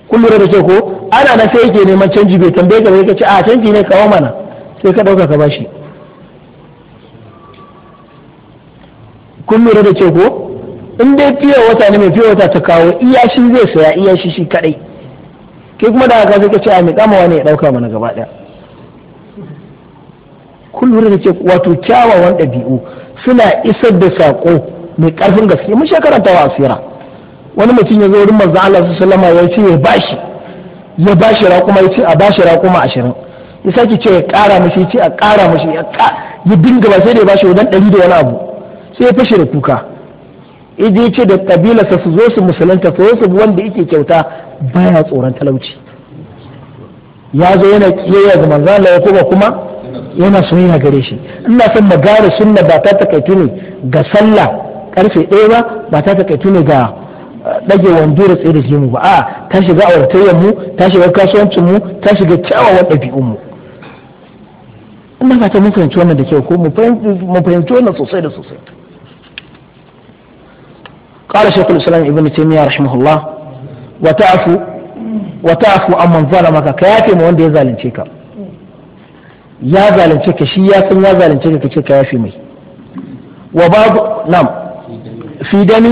kullum da ke ko ana na sai yake neman canji bai tambaye ka bai ka ce a canji ne kawo mana sai ka dauka ka bashi kun lura da ce ko in dai fiye wata ne mai fiye wata ta kawo iya shi zai saya iya shi shi kadai ke kuma da haka zai ce a mai kama wani ya dauka mana gaba daya kun lura da ce wato kyawawan ɗabi'u suna isar da sako mai karfin gaske mun shekara ta wasira wani mutum ya zo wurin manzo Allah sallama ya ce ya bashi ya bashi raƙuma ya ce a bashi raƙuma ashirin ya sake ce ya ƙara mashi ya ce a ƙara mashi ya dinga ba sai da ya bashi wajen ɗari da wani abu sai ya fashe da kuka ije ce da kabilarsa su zo su musulunta ko su wanda yake kyauta baya tsoron talauci ya zo yana kiyaye ga manzo Allah ya kuma yana soyayya gare shi ina son magara sunna ba ta takaitu ne ga sallah karfe ɗaya ba ba ta takaitu ne ga eh, ɗage wando da tsaye da jimu ba a ta shiga auratayyar mu ta shiga kasuwancin mu ta shiga kyawawan ɗabi'un mu ina fata mun fahimci wannan da kyau ko mu fahimci wannan sosai da sosai قال شيخ الإسلام ابن تيمية رحمه الله وتعفو وتعفو عمن ظلمك كياتي ما وندي يزالن شيكا يا زالن شيكا شي يا سن يا زالن شيكا كشيكا يا في مي وبعض نعم في دم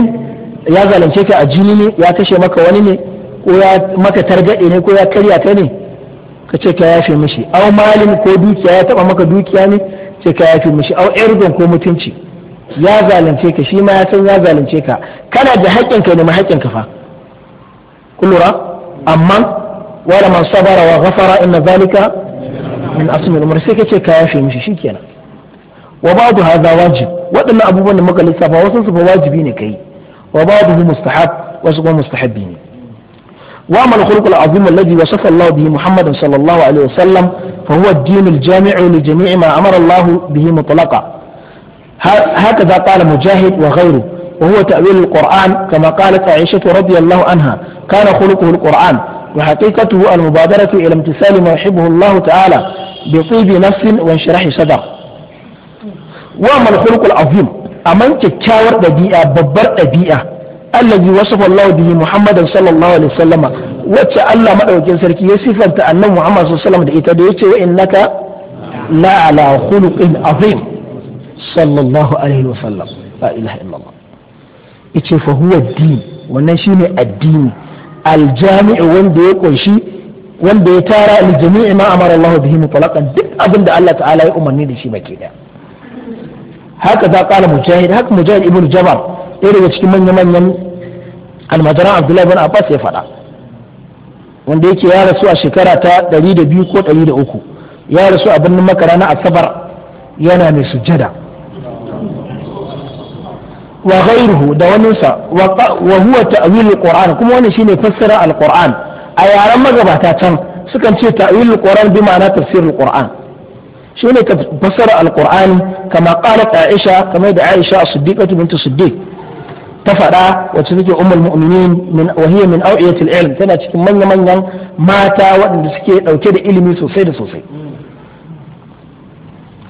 يا زالن شيكا أجيني يا كشي مكا وني ko ya maka targaɗe ne ko ya karya ta ne ka ce ka yafe mishi au malin ko dukiya ya taba maka dukiya ne ce ka yafe mishi au irdon ko mutunci ya zalunce ka shi ma ya san ya zalunce ka kana da haƙƙin ka nemi haƙƙin ka fa kullura amma wala man sabara wa ghafara inna zalika min asmi al-umr sai kace ka yafe mishi shikenan wa ba'du hadha wajib waɗannan abubuwan da muka lissafa wasu su fa wajibi ne kai wa ba'du mustahab wasu kuma mustahabbi ne وأما الخلق العظيم الذي وصف الله به محمدا صلى الله عليه وسلم فهو الدين الجامع لجميع ما أمر الله به مطلقا هكذا قال مجاهد وغيره وهو تأويل القرآن كما قالت عائشة رضي الله عنها كان خلقه القرآن وحقيقته المبادرة إلى امتثال ما يحبه الله تعالى بطيب نفس وانشراح صدر وأما الخلق العظيم أمن كتاور دبيئة ببر دبيئة الذي وصف الله به محمدا صلى الله عليه وسلم وتألى الله مدعوكين سركي يصف أن محمد صلى الله عليه وسلم دعيته وإنك لا على خلق عظيم sallallahu alaihi wa sallam la ilaha fa huwa din wannan shine addini aljami'u wanda ya ƙunshi, wanda ya tara aljami'i ma amara Allah bihi mutlaqan duk abinda Allah ta'ala ya umarni da shi baki daya haka za kala mujahid mu jihar ibnu jabal ɗaya daga cikin manyan manyan almajiran abdullahi bin abbas ya faɗa wanda yake ya rasu a shekara ta ɗari da biyu ko ɗari da uku, ya rasu a birnin makara na asabar yana mai sujada. wa ghairuhu da waninsa wa huwa ta'wilul qur'an kuma wannan shine fassara alquran a yaren magabata can sukan ce ta'wilul qur'an bi ma'ana tafsirul qur'an shine ka fassara alqur'ani kama qalat aisha kamar da aisha as-siddiqatu bint siddiq ta faɗa wacce take ummul mu'minin min wa hiya min awiyatil ilm tana cikin manya manyan mata waɗanda suke ɗauke da ilimi sosai da sosai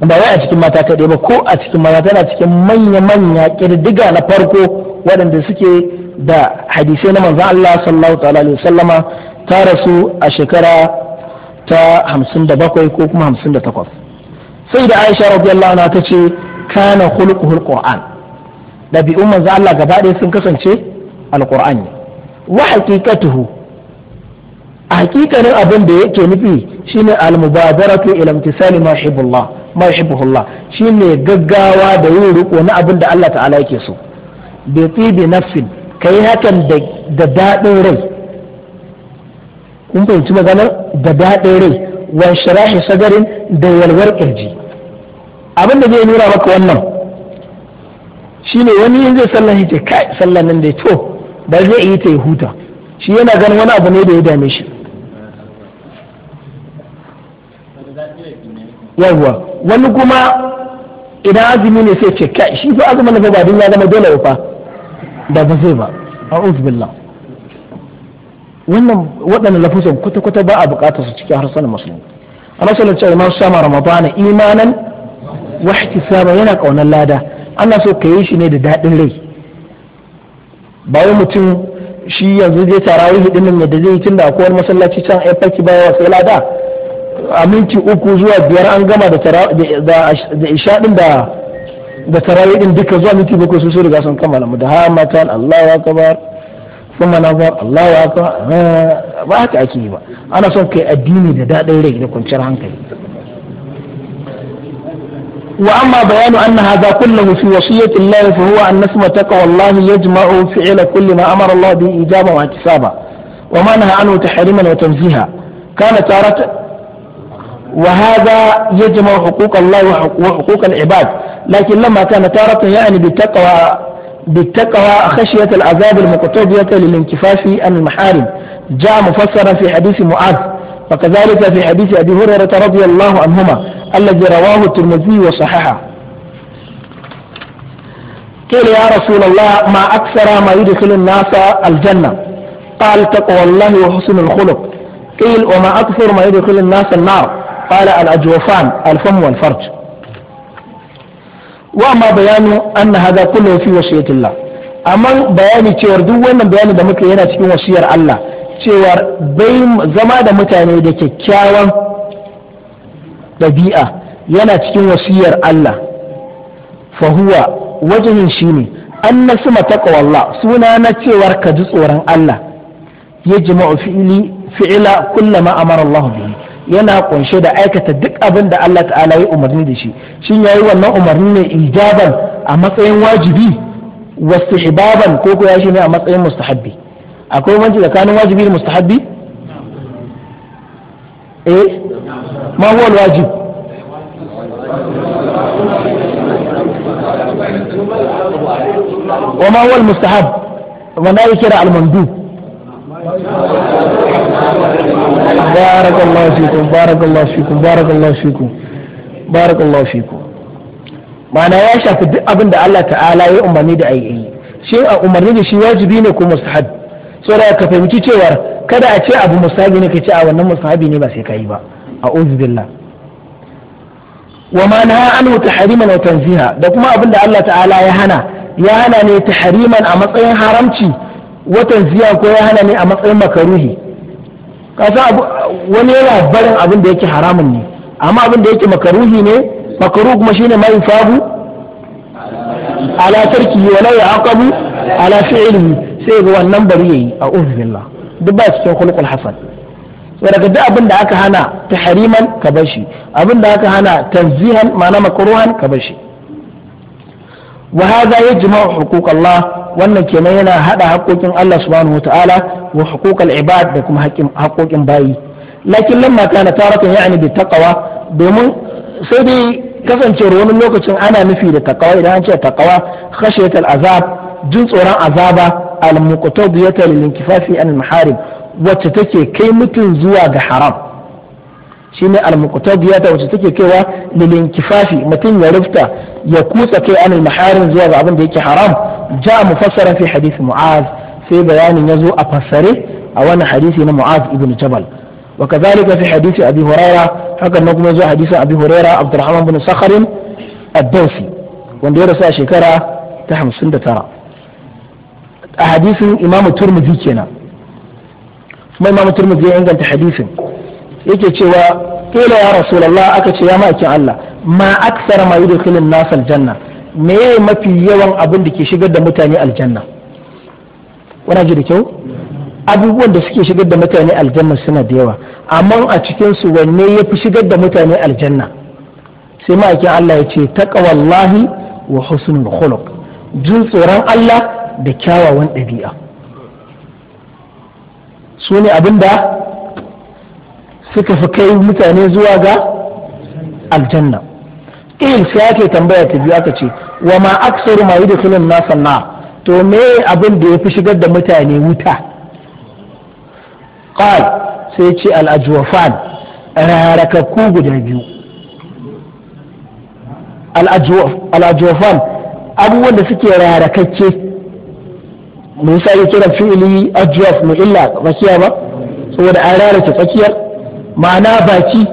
ba wai a cikin mata kaɗai ba ko a cikin mata tana cikin manya-manya ƙirdiga na farko waɗanda suke da hadisai na manzan Allah sallallahu alaihi ta rasu a shekara ta hamsin da bakwai ko kuma hamsin da takwas sai da aisha radiyallahu anha ta ce kana khuluquhul qur'an dabi'un manzan Allah gaba ɗaya sun kasance alqur'ani wa haqiqatuhu a hakikanin abin da yake nufi shine al-mubadaratu ila imtisali ma Hibbullah. ma yuhibbuhullah shi ne gaggawa da yin riko na abin da Allah ta'ala yake so bi tibi nafsin kai hakan da daɗin rai kun fahimci maganar da daɗin rai wa sharahi sadarin da yalwar kirji abin da zai nuna maka wannan shine wani yin zai sallan ce kai sallan nan dai to ba zai yi ta huta shi yana ganin wani abu ne da ya dame shi yawwa wani kuma idan azumi ne sai ce kai shi fa azumin fa ba din ya zama dole fa da ba zai ba a'udhu billah wannan waɗannan kwata-kwata ba a buƙatar su cikin harsan musulmi Allah sallallahu alaihi wasallam sama ramadana imanan wa ihtisaba yana kaunar lada ana so ka yi shi ne da daɗin rai bayan mutum shi yanzu zai tarawih din nan da zai yi tunda akwai masallaci can ai faki baya sai lada aminci uku zuwa biyar an gama da da isha din da da tarawih din duka zuwa minti bakwai sun riga sun kammala mu da ha matan Allahu akbar kuma na nazar Allahu akbar ba haka ake yi ba ana son kai addini da dadin rai da kwanciyar hankali wa amma bayanu anna hadha kulluhu fi wasiyyati Allah fa huwa an nasma taqwa Allah yajma'u fi'la kulli ma amara Allah bi ijaba wa ihtisaba wa ma nahaa anhu tahriman wa tanziha kana taratan وهذا يجمع حقوق الله وحقوق العباد لكن لما كان تارة يعني بالتقوى بالتقوى خشية العذاب المقتضية للانكفاف عن المحارم جاء مفسرا في حديث معاذ وكذلك في حديث أبي هريرة رضي الله عنهما الذي رواه الترمذي وصححه قيل يا رسول الله ما أكثر ما يدخل الناس الجنة قال تقوى الله وحسن الخلق قيل وما أكثر ما يدخل الناس النار قال الأجوفان الفم والفرج وأما بيان أن هذا كله في وصية الله أما بيان cewar duk wannan bayanin da muka yana cikin wasiyar Allah cewar bai zama da mutane da kyakkyawan ɗabi'a yana cikin wasiyar Allah fahuwa wajen shi ne an na suma taƙawallah suna na cewar ka ji tsoron Allah ya jima'u fi'ila kullama amara Allah bihi yana kunshe da aikata duk abin da Allah ta'ala ya umarni da shi shin yayi wannan umarni ne ijaban a matsayin wajibi wasu wastihbaban ko ko yashi ne a matsayin mustahabbi akwai wanci tsakanin wajibi da mustahabbi eh ma huwa alwajib wa ma huwa almustahab wa na yake da almandub بارك الله فيكم بارك الله فيكم بارك الله فيكم بارك الله فيكم ma'ana ya shafi duk abin da Allah ta'ala ya umarni da ayi yi shi a umarni da shi wajibi ne ko mustahab saboda ka fahimci cewa kada a ce abu mustahabi ne ka ce a wannan mustahabi ne ba sai kai ba a'udhu billah wa mana naha anhu tahriman wa tanziha da kuma abin da Allah ta'ala ya hana ya hana ne a matsayin haramci wa ko ya hana ne a matsayin makaruhi kasa wani yana barin abin da yake haramun ne amma abin da yake makaruhi ne makaruhu kuma shine ma yusabu ala tarki wala aqabu ala fi'li sai ga wannan bari yayi a uzbillah duk ba cikin Hassan. hasan daga duk abin da aka hana tahriman ka bashi abin da aka hana tanzihan ma'ana makruhan ka bashi wa hadha yajma'u huquq Allah wannan kenan yana hada haƙoƙin Allah subhanahu wataala wa huquqal ibad da kuma haƙoƙin bayi lakin lamma kana taratan ya'ni bi taqwa domin sai dai kasancewar wani lokacin ana nufi da taqwa idan an ce taqwa khashiyatal azab jin tsoron azaba al muqtadiyata lil inkifafi an al maharib wacce take kai mutum zuwa ga haram shine al-muqtadiya ta wacce take kaiwa lilin kifafi mutum ya rufta ya kutsa kai anil maharin zuwa ga abin da yake haram ja mufassara fi hadith mu'az sai bayanin yazo a fassare a wannan hadisi na mu'az ibn jabal wa kadhalika fi hadisi abi huraira hakan nan kuma yazo hadisin abi huraira abdurrahman bin sakhr ad-dawsi wanda ya rasu a shekara ta 59 a hadisin imam turmudi kenan kuma imam turmudi ya inganta hadisin yake cewa kila ya rasulullah aka ce ya ma'aikin Allah ma aksara ma yudkhilun nas aljanna me mafi yawan abin da ke shigar da mutane aljanna wannan ji da kyau abubuwan da suke shigar da mutane aljanna suna da yawa amma a cikin su wanne yafi shigar da mutane aljanna sai ma'aikin Allah ya ce taqwallahi wa husnul khuluq jin tsoron Allah da kyawawan ɗabi'a su ne abin da suka fi kai mutane zuwa ga aljanna il sai ake tambaya ta biyu aka ce wa ma aksaru ma filin nasa na to me abin da ya fi shigar da mutane wuta ƙal sai ce al'ajuwafan rarakakku guda biyu al'ajuwafan abubuwan da suke rarakakke me yasa ya kira fi'ili ajwaf mu illa tsakiya ba saboda an rarake tsakiyar ma'ana baki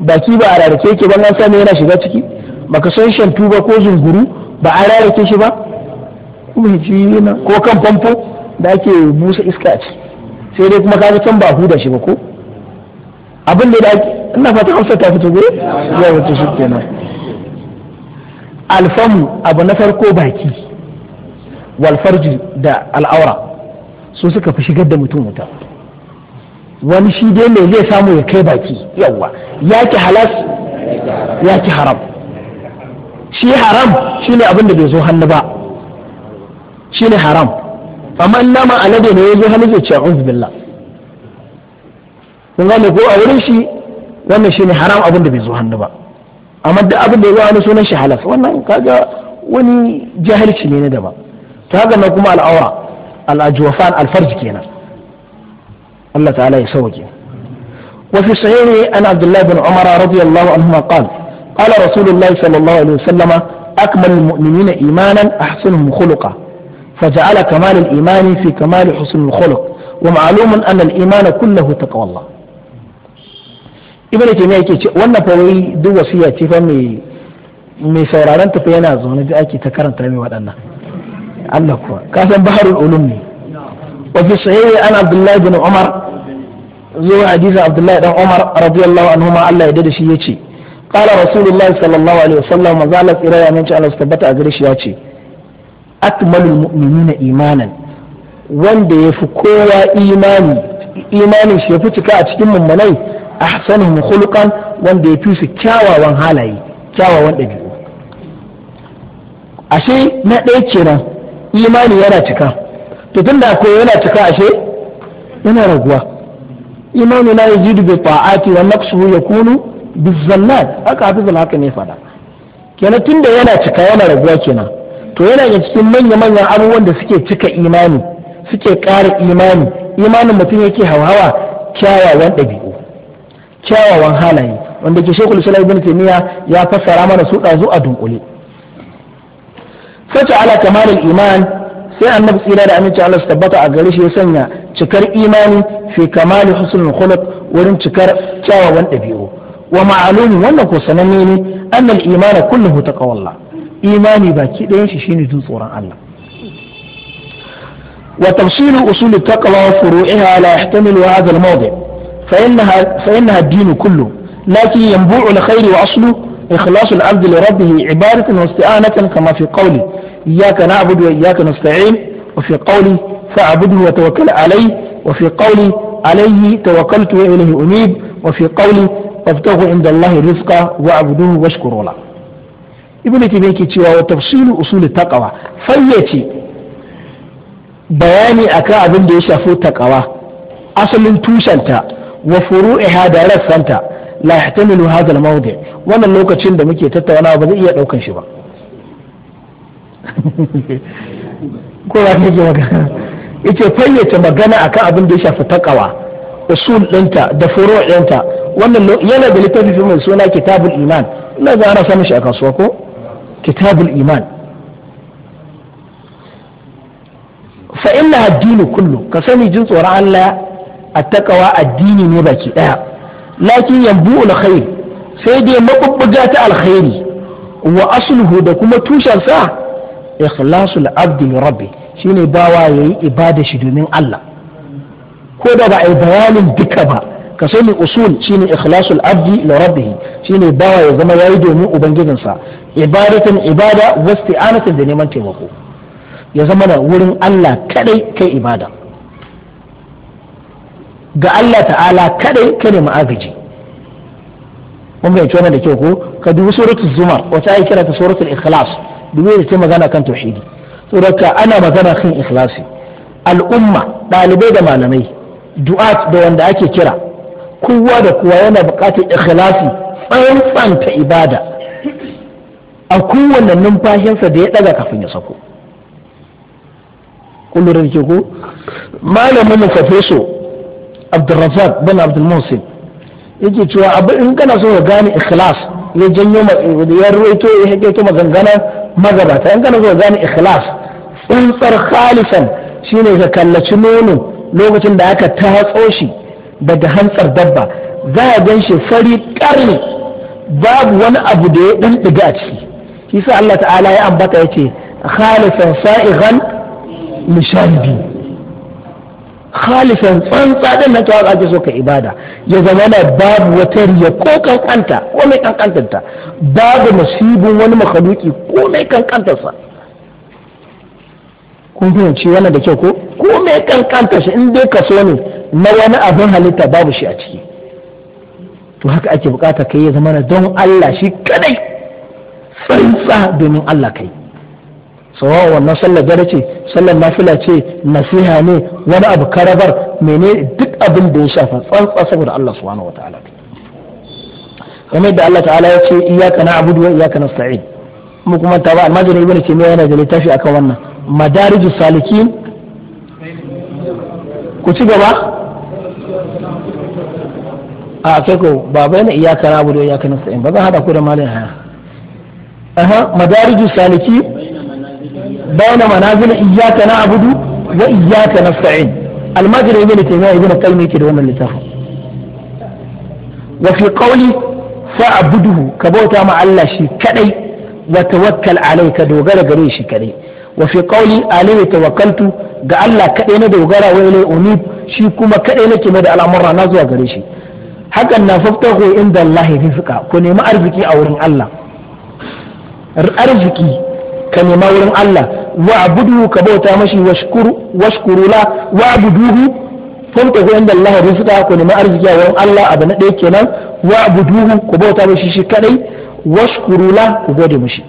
baki ba a rarrake ke ban an yana shiga ciki baka san shantu ba ko zunguru ba a rarrake shi ba kuma ji yana ko kan famfo da ake busa iska a sai dai kuma kaga can ba huda shi ba ko abin da ina fata hamsa ta fito gure ya wata shi kenan alfamu abu na farko baki walfarji da al'aura su suka fi shigar da mutum wuta wani shi dai mai zai samu ya kai baki yawwa ya ki halas ya ki haram shi haram shi ne abin da bai zo hannu ba shi ne haram amma ina nama alade ne ya zo hannu zai ce a'udhu billah kun gane ko a wurin shi wannan shi ne haram abin da bai zo hannu ba amma duk abin da ya zo hannu sunan shi halas wannan kaga wani jahilci ne na daban ta haka kuma al'aura al'ajuwafan alfarji kenan Allah ta'ala ya sauke وفي الصحيح عن عبد الله بن عمر رضي الله عنهما قال قال رسول الله صلى الله عليه وسلم أكمل المؤمنين إيمانا أحسنهم خلقا فجعل كمال الإيمان في كمال حسن الخلق ومعلوم أن الإيمان كله تقوى الله wannan fa wai duk wasiya ce fa mai sauraron tafi da ake karanta mai waɗannan Allah kuwa ka san baharul ulum ne an Umar zuwa hadisin abdullahi dan umar radiyallahu anhu ma Allah ya dade shi yace qala rasulullahi sallallahu alaihi wasallam manzo Allah tsira ya manci Allah tabbata a gare shi yace akmalul mu'minina imanan wanda yafi kowa imani imanin shi yafi cika a cikin mummunai ahsanuhum khuluqan wanda yafi su kyawawan halaye kyawawan dabi'u ashe na ɗaya kenan imani yana cika to tunda akwai yana cika ashe yana raguwa imanu la yajidu bi ta'ati wa naqsuhu yakunu aka haka hafizul haka ne fada kenan tunda yana cika yana raguwa kenan to yana da cikin manya-manyan abubuwan da suke cika imani suke ƙara imani imanin mutum yake hauhawa kyawawan ɗabi'u kyawawan halaye wanda ke shekul islam ibn taymiya ya fassara mana su ɗazu a dunkule sace ala kamalul iman sai annabi tsira da aminci Allah su tabbata a gare shi ya sanya cikar imani fi kamali husnul khuluq wurin cikar kyawawan ɗabi'u wa ma'alumi wannan ko sananne ne annal imani kulluhu taqwallah imani baki dayan shi shine jin tsoron Allah wa tafsilu usul taqwa wa furu'iha la yahtamilu hadha al-mawdi' fa innaha fa innaha ad-din kullu lakin yanbu'u al-khayr wa aslu ikhlasu al-'abd li إياك نعبد وإياك نستعين وفي قولي فاعبده وتوكل عليه وفي قولي عليه توكلت وإليه أنيب وفي قولي فابتغوا عند الله رزقا واعبدوه واشكروا له ibn taymiyyah ke cewa wa tafsilu usul taqwa fayyace bayani akan abin da ya shafi taqwa asalin tushenta wa furu'iha da rassanta la yahtamilu hadha al wannan lokacin da muke tattaunawa ba zai iya daukan shi ba ko ba magana yace fayyace magana akan abin da ya shafi takawa usul ɗinta da furo ɗinta wannan yana da littafi mai suna kitabul iman ina za ana samun shi a kasuwa ko kitabul iman fa inna addini kullu ka sani jin tsoron Allah attaqwa addini ne baki daya lakin yanbu alkhair sai dai makubbuga ta alkhairi wa asluhu da kuma tushen sa ikhlasul abdi li rabbi shine bawa yayi ibada shi domin Allah ko da ba a yi bayanin duka ba ka sani usul shine ikhlasul abdi li rabbihi shine bawa ya zama yayi domin ubangijinsa ibadatan ibada wasti'anatan da neman taimako ya zama da wurin Allah kadai kai ibada ga Allah ta'ala kadai kada ma'agaji, mun bai tona da kyau ko ka dubi suratul zumar wata ayi kira ta suratul ikhlas da ce magana kan tauhidi daga ana magana kan ikhlasi al'umma ɗalibai da malamai du'at da wanda ake kira kowa da kowa yana buƙatar ikhlasi tsantsanta ibada a kowane numfashinsa da ya ɗaga kafin ya sako kullum ke ko malamin mu profeso abdulrazak bin abdulmuhsin yake cewa abin in kana so ka gane ikhlas ya janyo ya ruwaito ya hakaito maganganar magabata in kana so gane ikhlas tsuntsar khalisan shine ka kallaci nono lokacin da aka tatso shi daga hantsar dabba za a gan shi fari karni babu wani abu da ya dan diga a ciki shi sa Allah ta'ala ya ambata yace khalisan sa'igan mishandi khalisan tsantsa din na tawaka ake so ka ibada ya zama na babu wata riya ko kankanta ko mai kankantarta babu nasibin wani makhaluki ko mai kankantarsa kun yanci wannan da kyau ko ko mai kankantarsa in dai so ne na wani abin halitta babu shi a ciki to haka ake bukata kai ya zama na don Allah shi kadai tsantsa domin Allah kai sawa wannan sallar dare ce sallar nafila ce nasiha ne wani abu karabar mene duk abin da ya shafa tsantsa saboda Allah subhanahu ta'ala kamar da Allah ta'ala ya ce iyyaka na'budu wa iyyaka nasta'in mu kuma ta ba almajirin ibnu taymiya yana da littafi akan wannan madarijus salikin ku ci gaba a kai ko ba bai na iyaka na abu da iyaka na sa'in ba zan hada ku da malin haya aha madariju saliki بين منازل إياك نعبد وإياك نستعين المجرى ابن تيمية ابن قيمة كده من لتاخر وفي قولي فأعبده كبوتا مع الله شي كدي وتوكل عليك دوغرا غري شي كدي وفي قولي عليه توكلت ga Allah kaɗai na dogara wa ilai shi kuma kaɗai nake mai da al'amura na zuwa gare shi hakan na faftahu inda Allah rizqa ku nemi arziki a wurin Allah arziki ka nema wurin Allah wa abuduhu ka bauta mashi wa shukuru la wa abuduhu kun ta zai Allah ya rufuta ku nema arziki a wurin Allah abu na ɗaya kenan wa abuduhu ku bauta mashi shi kadai wa shukuru la ku gode mashi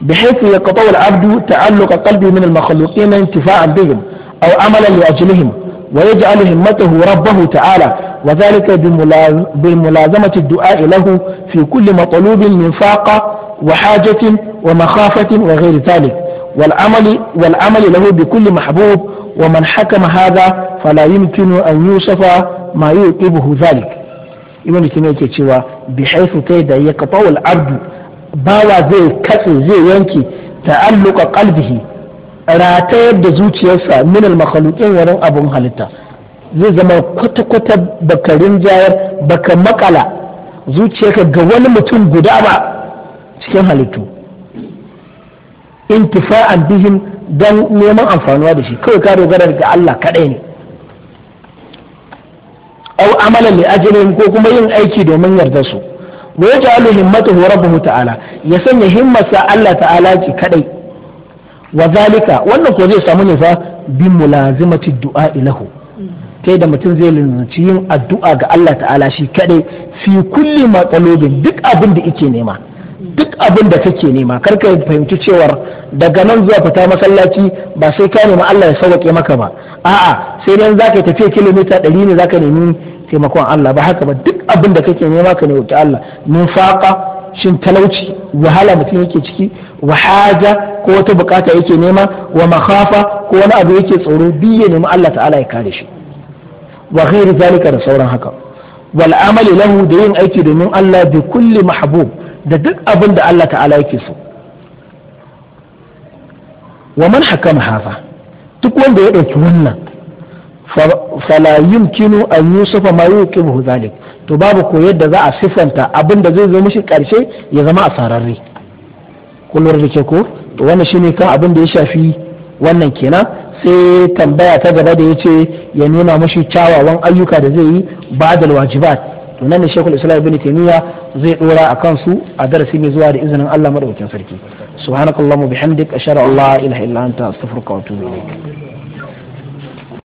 bi haifu ya kaɓa wal abdu ta'alluka qalbi min al-makhluqi na intifa'an bihim aw amala li ajlihim wa yaj'alu himmatahu rabbahu ta'ala wa zalika bai mulazamati ad-du'a ilahu fi kulli matlubin min faqa وحاجة ومخافة وغير ذلك والعمل والعمل له بكل محبوب ومن حكم هذا فلا يمكن أن يوصف ما يوقبه ذلك ibn kimi yake cewa bi haifu kai da ya kafa wal abdu bawa zai katse zai yanke ta'alluqa qalbihi ratayar da zuciyarsa min al makhluqin abun halitta zai zama kwata kwata bakarin jayar baka makala zuciyarka ga wani mutum guda ba cikin halittu intifa'an bihim don neman amfanuwa da shi kawai ka dogara ga Allah kaɗai ne aw amalan li ajrihim ko kuma yin aiki domin yarda su wa yaj'alu himmatuhu rabbuhu ta'ala ya sanya himmarsa Allah ta'ala ki kadai wa zalika wannan ko zai samu ne fa bi mulazimati du'a ilahu kai da mutum zai lalaci yin addu'a ga Allah ta'ala shi kadai fi kulli matsalobin duk abin da yake nema duk abin da kake nema kar ka fahimci cewar daga nan zuwa fita masallaci ba sai ka nemi Allah ya sauke maka ba a'a sai nan zaka tafiya kilomita 100 ne zaka nemi taimakon Allah ba haka ba duk abin da kake nema ka Allah nufaqa shin talauci wahala mutum yake ciki wa haja ko wata bukata yake nema wa makhafa ko wani abu yake tsoro biye nemi Allah ta'ala ya kare shi wa ghairi zalika da sauran haka wal amali lahu da yin aiki domin Allah bi kulli mahbub da duk abin da Allah ta'ala yake so wa man hakama haza duk wanda ya ɗauki wannan fala yumkinu an yusufa ma yuqibu zalik to babu ko yadda za a sifanta abin da zai zo mishi ƙarshe ya zama a sararre kullum da ke ko to wannan shine kan abin da ya shafi wannan kenan sai tambaya ta gaba da yace ya nuna mashi kyawawan ayyuka da zai yi ba ba'dal wajibat to nan ne shekul islam ibn taymiya zai dora a kansu a darasi mai zuwa da izinin Allah madaukakin sarki subhanakallahumma bihamdik ashara an la ilaha illa anta astaghfiruka wa atubu ilaik